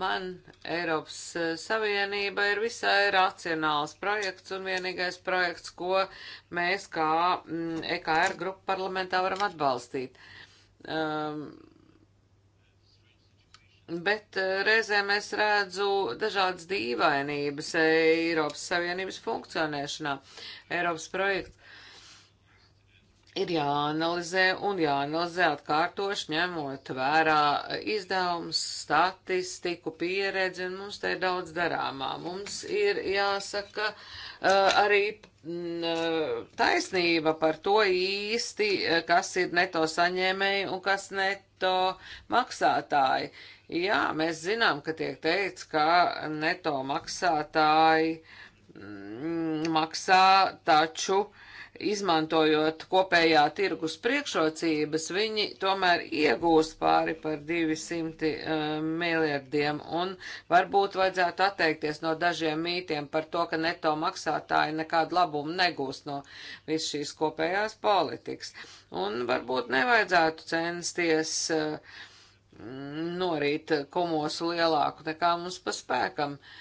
Man Eiropas eh, Savienība ir visai racionāls projekts un vienīgais projekts, ko mēs kā mm, EKR grupa parlamentā varam atbalstīt. Um, bet eh, reizēm es redzu dažādas dīvainības Eiropas Savienības funkcionēšanā. Eiropas projekts ir jāanalizē un jāanalizē atkārtoši ņemot vērā izdevums, statistiku, pieredzi, un mums te ir daudz darāmā. Mums ir jāsaka eh, arī mm, eh, taisnība par to īsti, eh, kas ir neto saņēmēji un kas neto maksātāji. Jā, mēs zinām, ka tiek teikts, ka neto maksātāji mm, maksā taču uh, izmantojot kopējā tirgus priekšrocības, viņi tomēr iegūst pāri par 200 uh, eh, miljardiem, un varbūt vajadzētu atteikties no dažiem mītiem par to, ka neto maksātāji nekādu labumu negūst no viss šīs kopējās politikas. Un varbūt nevajadzētu censties uh, norīt kumosu lielāku nekā mums pa spēkam. Uh,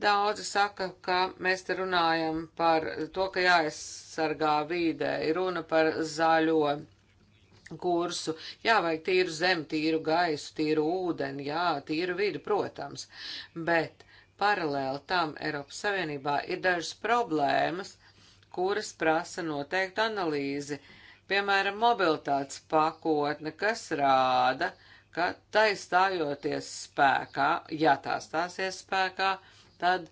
Daudzi saka, ka mēs te runājam par to, ka jāaizsargā vīdē, ir runa par zaļo kursu, jā, vajag tīru zemi, tīru gaisu, tīru ūdeni, jā, tīru vidi, protams, bet paralēli tam Eiropas Savienībā ir dažas problēmas, kuras prasa noteiktu analīzi, piemēram, mobilitātes pakotne, kas rāda, uh, ka tai stājoties spēkā, ja tā stāsies spēkā, tad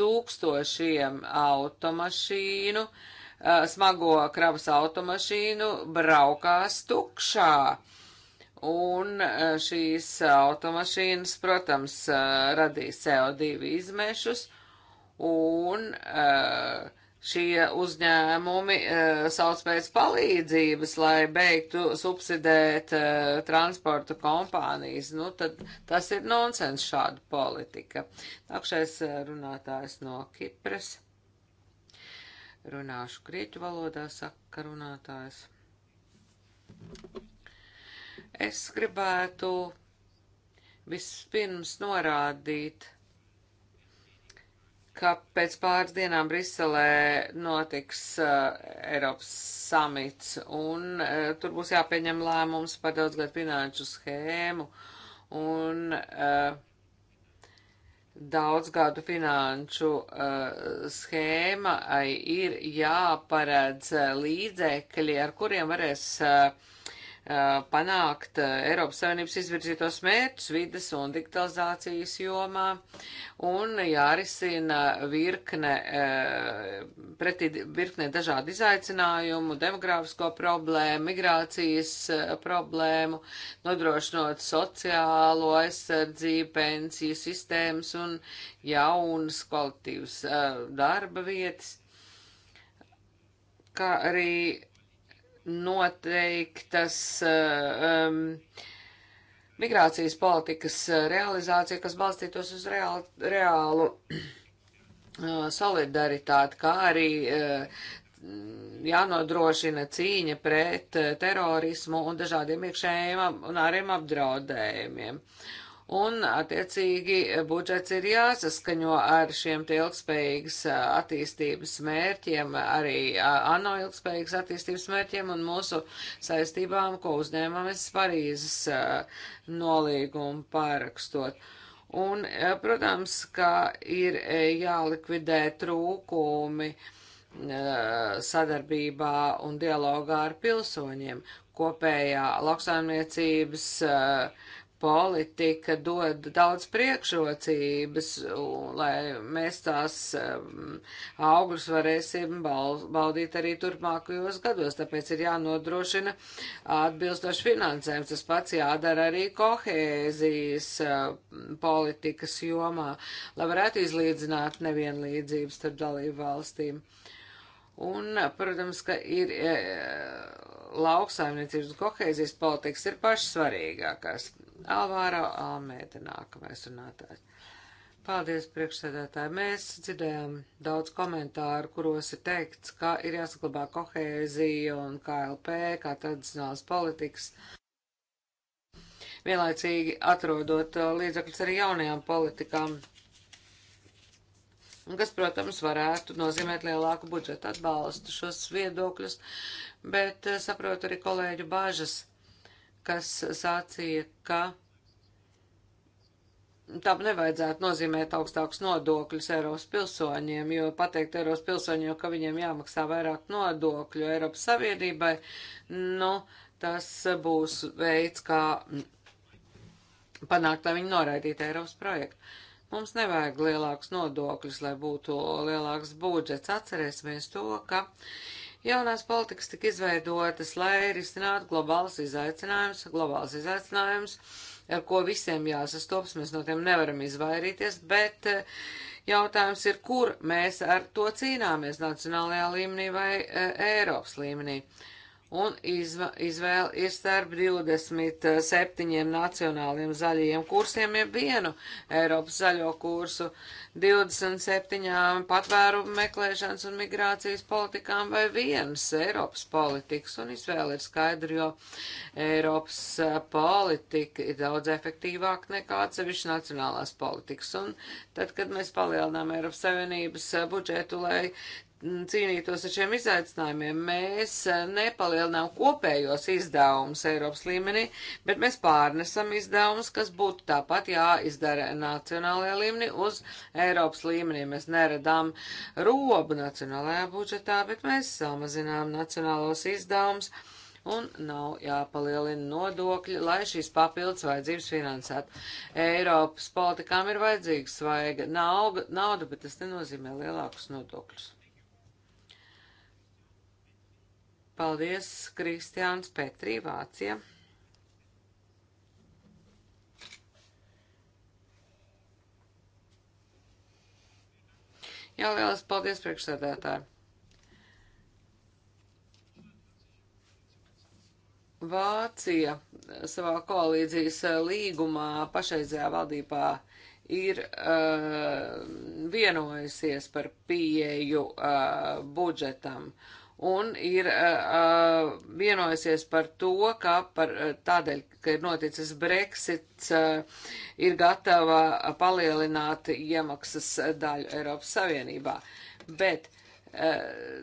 tūkstošiem automašīnu, smago kravas automašīnu braukās tukšā. Un šīs automašīnas, protams, radīs CO2 izmešus, un uh, šie uzņēmumi uh, sauc pēc palīdzības, lai beigtu subsidēt uh, transporta kompānijas, nu tad tas ir nonsens šāda politika. Nākšais eh, runātājs no Kipras. Runāšu grieķu valodā, saka runātājs. Es gribētu vispirms norādīt, ka pēc pāris dienām Briselē notiks uh, Eiropas samits, un uh, tur būs jāpieņem lēmums par daudzgad finanšu schēmu un uh, daudzgadu finanšu uh, schēma uh, ir jāparedz līdzekļi, ar kuriem varēs uh, Uh, panākt uh, Eiropas Savienības izvirzītos mērķus vidas un digitalizācijas jomā un jārisina virkne, uh, pretī virkne dažādu izaicinājumu, demogrāfisko problēmu, migrācijas problēmu, nodrošinot sociālo aizsardzību, pensiju sistēmas un jaunas kvalitīvas darba vietas, kā arī noteiktas um, migrācijas politikas eh, realizācija, kas balstītos uz reālu, reālu uh, solidaritāti, kā arī uh, jānodrošina cīņa pret terorismu un dažādiem iekšējiem un āriem apdraudējumiem. Uh, un, attiecīgi, budžets ir jāsaskaņo ar šiem te ilgspējīgas attīstības mērķiem, arī ANO ilgspējīgas attīstības mērķiem un mūsu saistībām, ko uzņēmamies Parīzes nolīgumu pārakstot. Un, protams, ka ir jālikvidē trūkumi sadarbībā un dialogā ar pilsoņiem. Kopējā lauksaimniecības uh, politika dod daudz priekšrocības, lai mēs tās um, augļus varēsim baudīt arī turpmākajos gados. Tāpēc ir jānodrošina atbilstoši finansējums. Tas pats jādara arī kohēzijas uh, politikas jomā, lai varētu izlīdzināt nevienlīdzības starp dalību valstīm. Un, protams, ka ir e, lauksaimniecības un kohēzijas politikas ir pašsvarīgākās. Alvāra Almēda nākamais runātājs. Paldies, priekšsēdētāji. Mēs dzirdējām daudz komentāru, kuros ir teikts, ka ir jāsaglabā kohēzija un KLP, kā tradicionāls politikas. Vienlaicīgi atrodot uh, līdzekļus arī jaunajām politikām, kas, protams, varētu nozīmēt lielāku budžetu atbalstu šos viedokļus, bet uh, saprotu arī kolēģu bāžas kas sācīja, ka tam nevajadzētu nozīmēt augstākus nodokļus Eiropas pilsoņiem, jo pateikt Eiropas pilsoņiem, ka viņiem jāmaksā vairāk nodokļu Eiropas Savienībai, nu, tas būs veids, kā panākt, lai viņi noraidītu Eiropas projektu. Mums nevajag lielākus nodokļus, lai būtu lielāks budžets. Atcerēsimies to, ka Jaunās politikas tika izveidotas, lai risinātu globālus izaicinājumus, globālus izaicinājumus, ar ko visiem jāsastops, mēs no tiem nevaram izvairīties, bet eh, jautājums ir, kur mēs ar to cīnāmies - nacionālajā līmenī vai eh, Eiropas līmenī. Uh, un izva, izvēle ir starp 27 nacionāliem zaļajiem kursiem, ja vienu Eiropas zaļo kursu, 27 patvērumu meklēšanas un migrācijas politikām vai vienas Eiropas politikas, un izvēle ir skaidra, jo Eiropas politika ir daudz efektīvāk nekā atsevišķi nacionālās politikas, un tad, kad mēs palielinām Eiropas Savienības budžetu, lai cīnītos ar šiem izaicinājumiem. Mēs eh, nepalielinām kopējos izdevumus Eiropas līmenī, bet mēs pārnesam izdevumus, kas būtu tāpat jāizdara nacionālajā līmenī uz Eiropas līmenī. Mēs neredām robu nacionālajā budžetā, bet mēs samazinām nacionālos izdevumus un nav jāpalielina nodokļi, lai šīs papildus vajadzības finansētu. Eiropas politikām ir vajadzīga svaiga nauda, nauda, bet tas nenozīmē lielākus nodokļus. Paldies, Kristiāns Petrī, Vācija. Jā, lielas paldies, priekšsēdētāji. Vācija savā koalīdzijas līgumā pašreizējā valdībā ir uh, vienojusies par pieeju uh, budžetam. Uh, un ir uh, vienojusies par to, ka par, tādēļ, ka ir noticis Brexits, uh, ir gatava palielināt iemaksas daļu Eiropas Savienībā. Bet uh,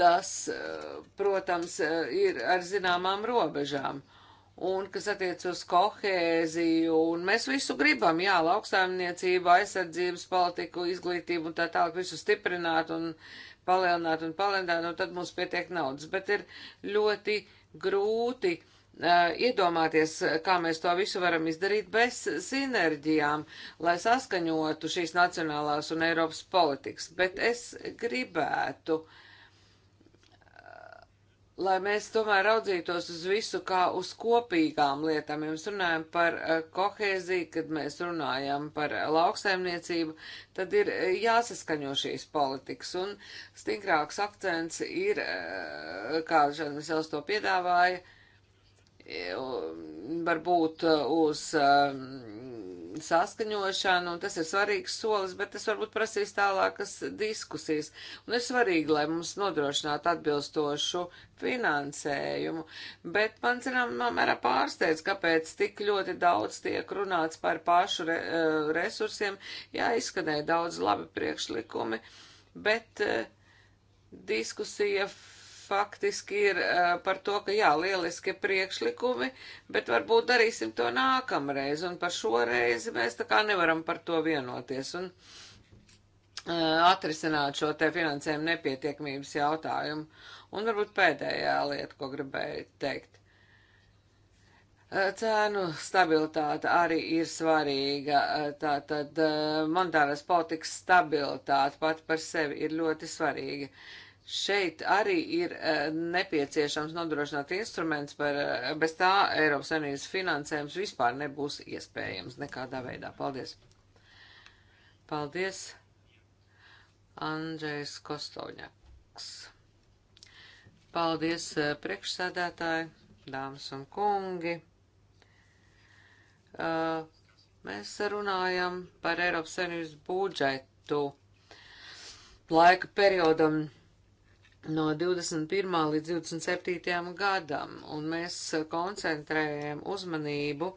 tas, uh, protams, uh, ir ar zināmām robežām. Un kas attiec uz kohēziju, un mēs visu gribam, jā, lauksaimniecību, aizsardzības politiku, izglītību un tā tālāk visu stiprināt un palielināt un palielināt, un nu, tad mums pietiek naudas. Bet ir ļoti grūti uh, iedomāties, kā mēs to visu varam izdarīt bez sinerģijām, lai saskaņotu šīs nacionālās un Eiropas politikas. Bet es gribētu uh, lai mēs tomēr raudzītos uz visu kā uz kopīgām lietām. Ja mēs runājam par eh, kohēziju, kad mēs runājam par eh, lauksaimniecību, tad ir eh, jāsaskaņo šīs politikas. Un stingrāks akcents ir, kā ŽanisEls to piedāvāja, varbūt uz saskaņošanu, un tas ir svarīgs solis, bet tas varbūt prasīs tālākas diskusijas. Un ir svarīgi, lai mums nodrošinātu atbilstošu finansējumu, bet man, zinām, mērā pārsteidz, kāpēc tik ļoti daudz tiek runāts par pašu re, e, resursiem. Jā, izskanēja daudz labi priekšlikumi, bet e, diskusija faktiski ir eh, par to, ka jā, lieliski priekšlikumi, bet varbūt darīsim to nākamreiz, un par šo reizi mēs tā kā nevaram par to vienoties un eh, atrisināt šo te finansējumu nepietiekamības jautājumu. Un varbūt pēdējā lieta, ko gribēju teikt. Eh, cēnu stabilitāte arī ir svarīga, tātad monetārās politikas stabilitāte pati par sevi ir ļoti svarīga. Šeit arī ir e, nepieciešams nodrošināt instruments, par, e, bez tā Eiropas Savienības finansējums vispār nebūs iespējams nekādā veidā. Paldies! Paldies, Andrejs Kostoļņaks! Paldies, e, priekšsēdētāji, dāmas un kungi! Mēs runājam par Eiropas Savienības budžetu laika periodam 2021-2027 no 21. līdz 27. gadam, un mēs koncentrējam uzmanību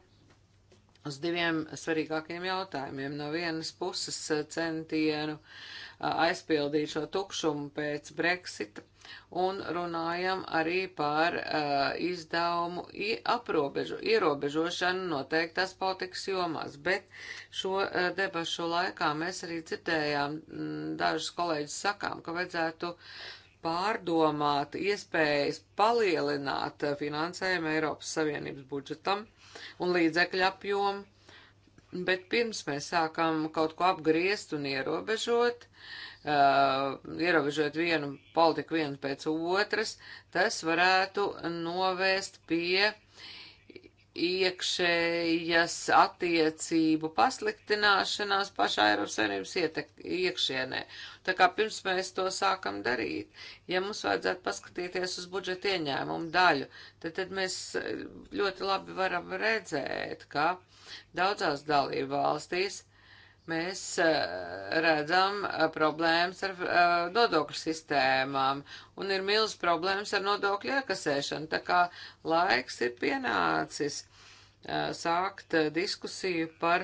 uz diviem svarīgākiem jautājumiem. No vienas puses eh, centienu eh, aizpildīt šo tukšumu pēc Brexita, un runājam arī par uh, izdevumu aprobežu, ierobežošanu noteiktās politikas jomās, bet šo uh, debašu laikā mēs arī dzirdējām m, mm, dažus kolēģus sakām, ka vajadzētu uh, pārdomāt iespējas palielināt finansējumu Eiropas Savienības budžetam un līdzekļu apjomu, bet pirms mēs sākam kaut ko apgriezt un ierobežot, uh, ierobežot vienu politiku vienu pēc otras, tas varētu novest pie uh, iekšējas attiecību pasliktināšanās pašā Eiropas Savienības ietek, iekšienē. Tā kā pirms mēs to sākam darīt, ja mums vajadzētu paskatīties uz budžeta ieņēmumu daļu, tad, tad mēs eh, ļoti labi varam redzēt, ka daudzās dalību valstīs mēs eh, redzam eh, problēmas ar nodokļu sistēmām un ir milz problēmas ar nodokļu iekasēšanu, tā kā laiks ir pienācis sākt diskusiju par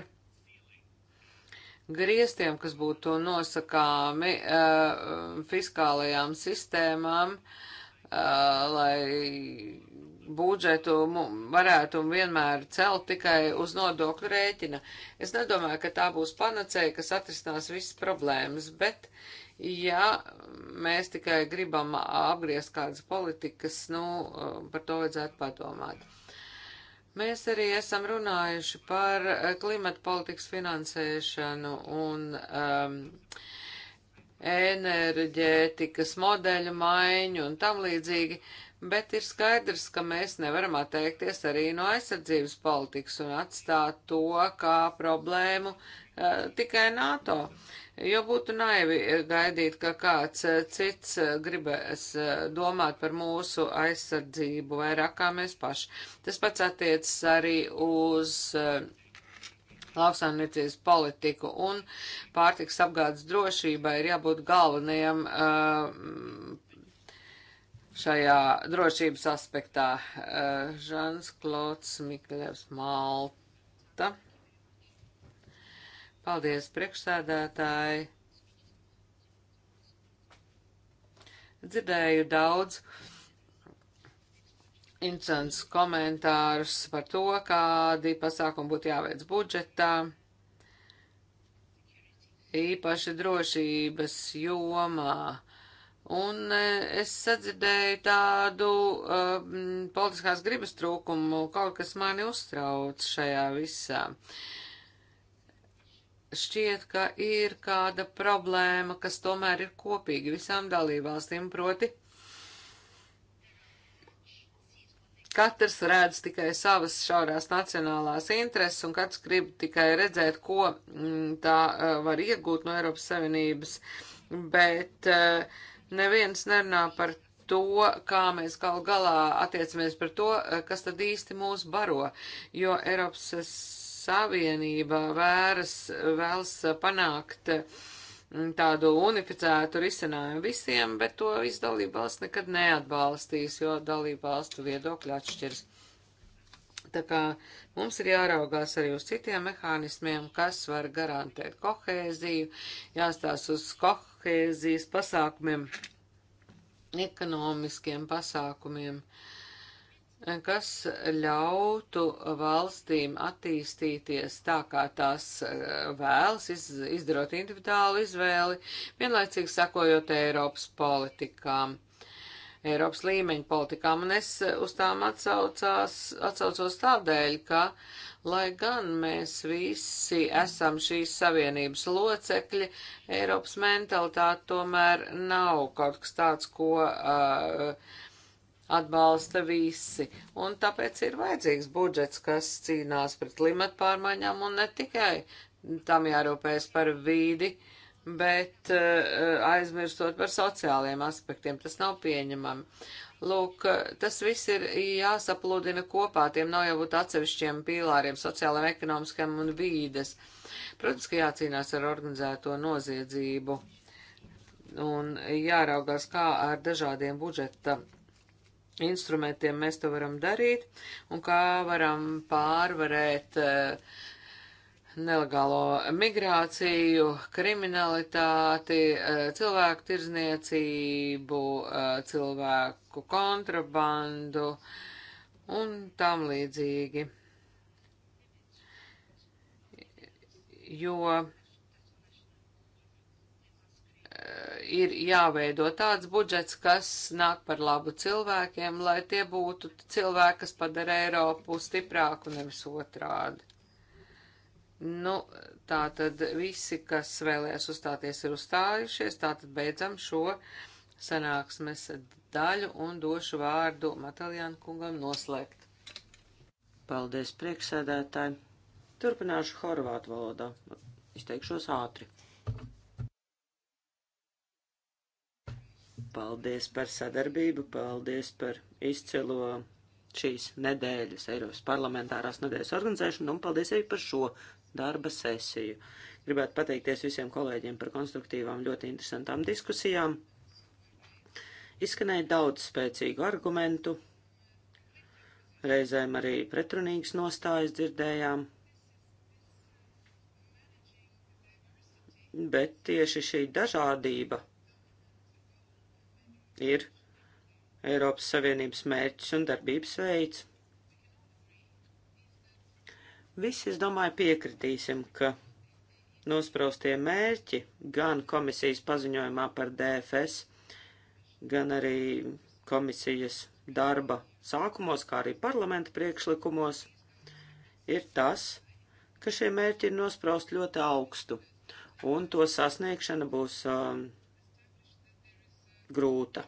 griestiem, kas būtu nosakāmi fiskālajām sistēmām, lai budžetu varētu vienmēr celt tikai uz nodokļu rēķina. Es nedomāju, ka tā būs panacēja, kas atrisinās visas problēmas, bet ja mēs tikai gribam apgriezt kādas politikas, nu, par to vajadzētu padomāt. Mēs arī esam runājuši par eh, klimata politikas finansēšanu un um, enerģētikas modeļu maiņu un tam līdzīgi, bet ir skaidrs, ka mēs nevaram atteikties arī no aizsardzības politikas un atstāt to kā problēmu uh, tikai NATO. Uh, jo būtu naivi gaidīt, ka kāds eh, cits eh, gribēs eh, domāt par mūsu aizsardzību vairāk kā mēs paši. Tas pats attiecas arī uz lauksaimniecības politiku un pārtiks apgādes drošībai ir jābūt galvenajam šajā drošības aspektā. Žans Klots Miklevs Malta. Paldies, priekšsēdētāji! Dzirdēju daudz incents komentārus par to, kādi pasākumi būtu jāveic budžetā, īpaši drošības jomā. Un e, es sadzirdēju tādu um, politiskās gribas trūkumu, kaut kas mani uztrauc šajā visā. Uh, šķiet, ka ir kāda problēma, kas tomēr ir kopīga visām dalībvalstīm, proti katrs redz tikai savas šaurās nacionālās intereses, un katrs grib tikai redzēt, ko mm, tā var iegūt no Eiropas Savienības, bet neviens nerunā par to, kā mēs gal galā attiecamies par to, kas tad īsti mūs baro, jo Eiropas Savienība vēras, vēlas panākt mm, tādu unificētu risinājumu visiem, bet to visu dalību valsts nekad neatbalstīs, jo dalību valstu viedokļi atšķiras. Tā kā mums ir jāraugās arī uz citiem mehānismiem, kas var garantēt kohēziju, jāstās uz kohēzijas pasākumiem, ekonomiskiem pasākumiem. Uh, kas ļautu valstīm attīstīties tā, kā tās e, vēlas, iz, izdarot individuālu izvēli, vienlaicīgi sakojot Eiropas politikām. Eiropas līmeņa politikām, un es uz tām atsaucās, atsaucos tādēļ, ka, lai gan mēs visi esam šīs savienības locekļi, Eiropas mentalitāte tomēr nav kaut kas tāds, ko uh, atbalsta visi. Un tāpēc ir vajadzīgs budžets, kas cīnās pret klimatu pārmaiņām un ne tikai tam jārūpējas par vīdi, bet uh, aizmirstot par sociālajiem aspektiem. Tas nav pieņemami. Lūk, tas viss ir jāsapludina kopā, tiem nav jābūt atsevišķiem pīlāriem, sociālajiem, ekonomiskiem un vīdes. Protams, ka jācīnās ar organizēto noziedzību un jāraugās, kā ar dažādiem budžeta instrumentiem mēs to varam darīt un kā varam pārvarēt uh, nelegālo migrāciju, kriminalitāti, eh, cilvēku tirzniecību, eh, cilvēku kontrabandu un tam līdzīgi. Jo ir jāveido tāds budžets, kas nāk par labu cilvēkiem, lai tie būtu cilvēki, kas padara Eiropu stiprāku, nevis otrādi. Nu, tā tad visi, kas vēlējās uzstāties, ir uzstājušies, tā tad beidzam šo sanāksmes daļu un došu vārdu Mataljānu kungam noslēgt. Paldies, priekšsēdētāji! Turpināšu horvātu valodā. Izteikšos ātri. Paldies par sadarbību, paldies par izcilo šīs nedēļas Eiropas parlamentārās nedēļas organizēšanu un paldies arī par šo darba sesiju. Gribētu pateikties visiem kolēģiem par konstruktīvām, ļoti interesantām diskusijām. Izskanēja daudz spēcīgu argumentu, reizēm arī pretrunīgas nostājas dzirdējām. Bet tieši šī dažādība ir Eiropas Savienības mērķis un darbības veids. Visi, es domāju, piekritīsim, ka nospraustie mērķi gan komisijas paziņojumā par DFS, gan arī komisijas darba sākumos, kā arī parlamenta priekšlikumos, ir tas, ka šie mērķi ir nospraust ļoti augstu, un to sasniegšana būs uh, um, grūta.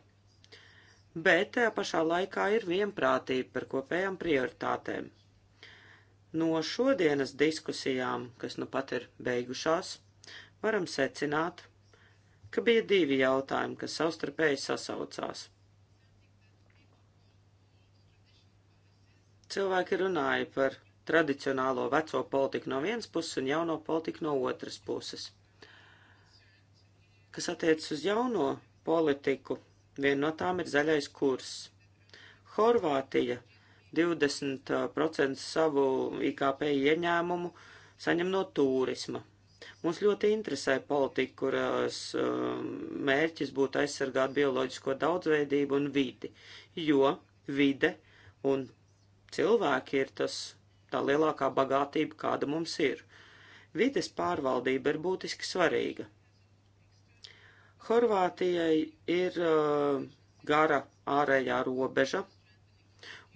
Bet tajā eh, pašā laikā ir vienprātība par kopējām prioritātēm. No šodienas diskusijām, kas nu pat ir beigušās, varam secināt, ka bija divi jautājumi, kas savstarpēji sasaucās. Cilvēki runāja par tradicionālo veco politiku no vienas puses un jauno politiku no otras puses. Kas attiecas uz jauno politiku. Viena no tām ir zaļais kurs. Horvātija 20% savu IKP ieņēmumu saņem no turisma. Mums ļoti interesē politika, kuras um, mērķis būtu aizsargāt bioloģisko daudzveidību un vidi, jo vide un cilvēki ir tas tā lielākā bagātība, kāda mums ir. Vides pārvaldība ir būtiski svarīga. Horvātijai ir uh, gara ārējā robeža,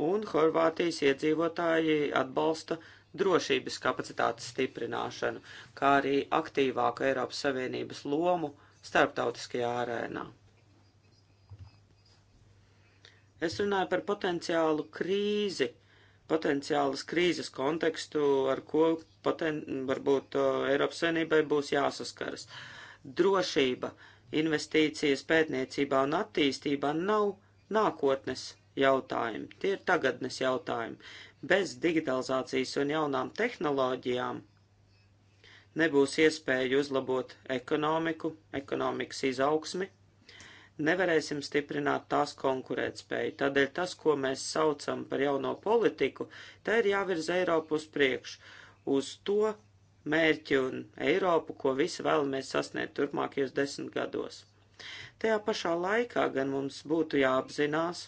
un Horvātijas iedzīvotāji atbalsta drošības kapacitātes stiprināšanu, kā arī aktīvāku Eiropas Savienības lomu starptautiskajā arēnā. Es runāju par potenciālu krīzi, potenciālas krīzes kontekstu, ar ko poten, varbūt uh, Eiropas Savienībai būs jāsaskaras. Drošība, uh, investīcijas pētniecībā un attīstībā nav nākotnes jautājumi, tie ir tagadnes jautājumi. Bez digitalizācijas un jaunām tehnoloģijām nebūs iespēja uzlabot ekonomiku, ekonomikas izaugsmi, nevarēsim stiprināt tās konkurētspēju. Tādēļ tas, ko mēs saucam par jauno politiku, tā ir jāvirza Eiropu uz priekšu, uz to, mērķi un Eiropu, ko visi vēlamies sasniegt turpmākajos desmit gados. Tajā pašā laikā gan mums būtu jāapzinās,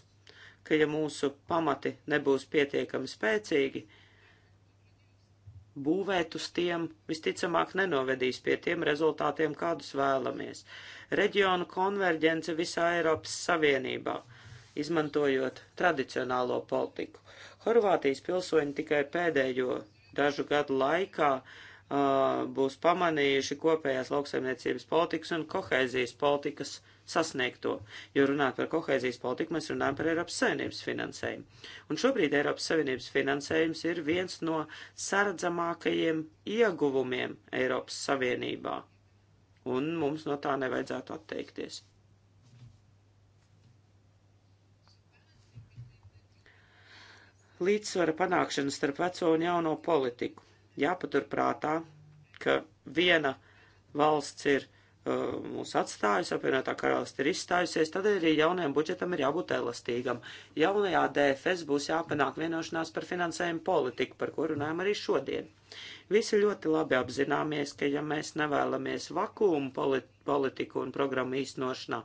ka ja mūsu pamati nebūs pietiekami spēcīgi, būvēt uz tiem visticamāk nenovedīs pie tiem rezultātiem, kādus vēlamies. Reģionu konverģence visā Eiropas Savienībā, izmantojot tradicionālo politiku. Horvātijas pilsoņi tikai pēdējo dažu gadu laikā Uh, būs pamanījuši kopējās lauksaimniecības politikas un kohēzijas politikas sasniegto, jo runāt par kohēzijas politiku mēs runājam par Eiropas Savienības finansējumu. Un šobrīd Eiropas Savienības finansējums ir viens no sardzamākajiem ieguvumiem Eiropas Savienībā, un mums no tā nevajadzētu atteikties. Līdzsvara panākšana starp veco un jauno politiku jāpaturprātā, ka viena valsts ir uh, mūs atstājusi, apvienotā karalisti ir izstājusies, tad arī jaunajam budžetam ir jābūt elastīgam. Jaunajā DFS būs jāpanāk vienošanās par finansējumu politiku, par ko runājam arī šodien. Visi ļoti labi apzināmies, ka ja mēs nevēlamies vakumu politi politiku un programmu īstenošanā,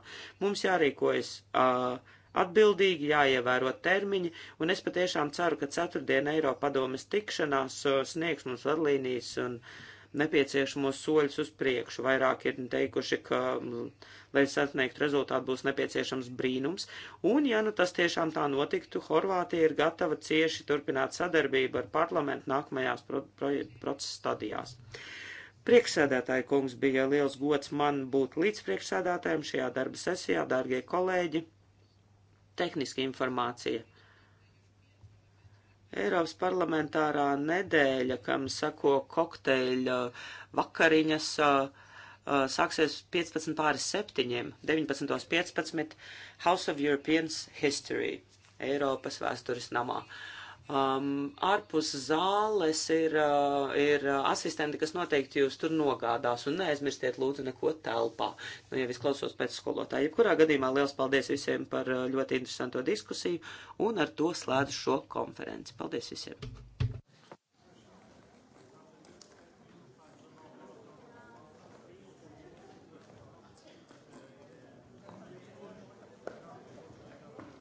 mums jārīkojas uh, atbildīgi, jāievēro termiņi, un es patiešām ceru, ka ceturtdien Eiropadomes tikšanās uh, sniegs mums vadlīnijas un nepieciešamos soļus uz priekšu. Vairāk ir teikuši, ka, mm, lai sasniegtu rezultātu, būs nepieciešams brīnums. Un, ja nu tas tiešām tā notiktu, Horvātija ir gatava cieši turpināt sadarbību ar parlamentu nākamajās pro pro procesa stadijās. Priekšsēdētāja kungs bija liels gods man būt līdzpriekšsēdētājiem šajā darba sesijā, dārgie kolēģi tehniska informācija. Eiropas parlamentārā nedēļa, kam sako kokteļa vakariņas, sāksies 15 pāris 7, 19.15 House of Europeans History, Eiropas vēstures namā. Uh, um, ārpus zāles ir, uh, ir uh, asistenti, kas noteikti jūs tur nogādās, un neaizmirstiet lūdzu neko telpā. Nu, ja viss klausos pēc skolotāja. Jebkurā gadījumā liels paldies visiem par uh, ļoti interesanto diskusiju, un ar to slēdzu šo konferenci. Paldies visiem!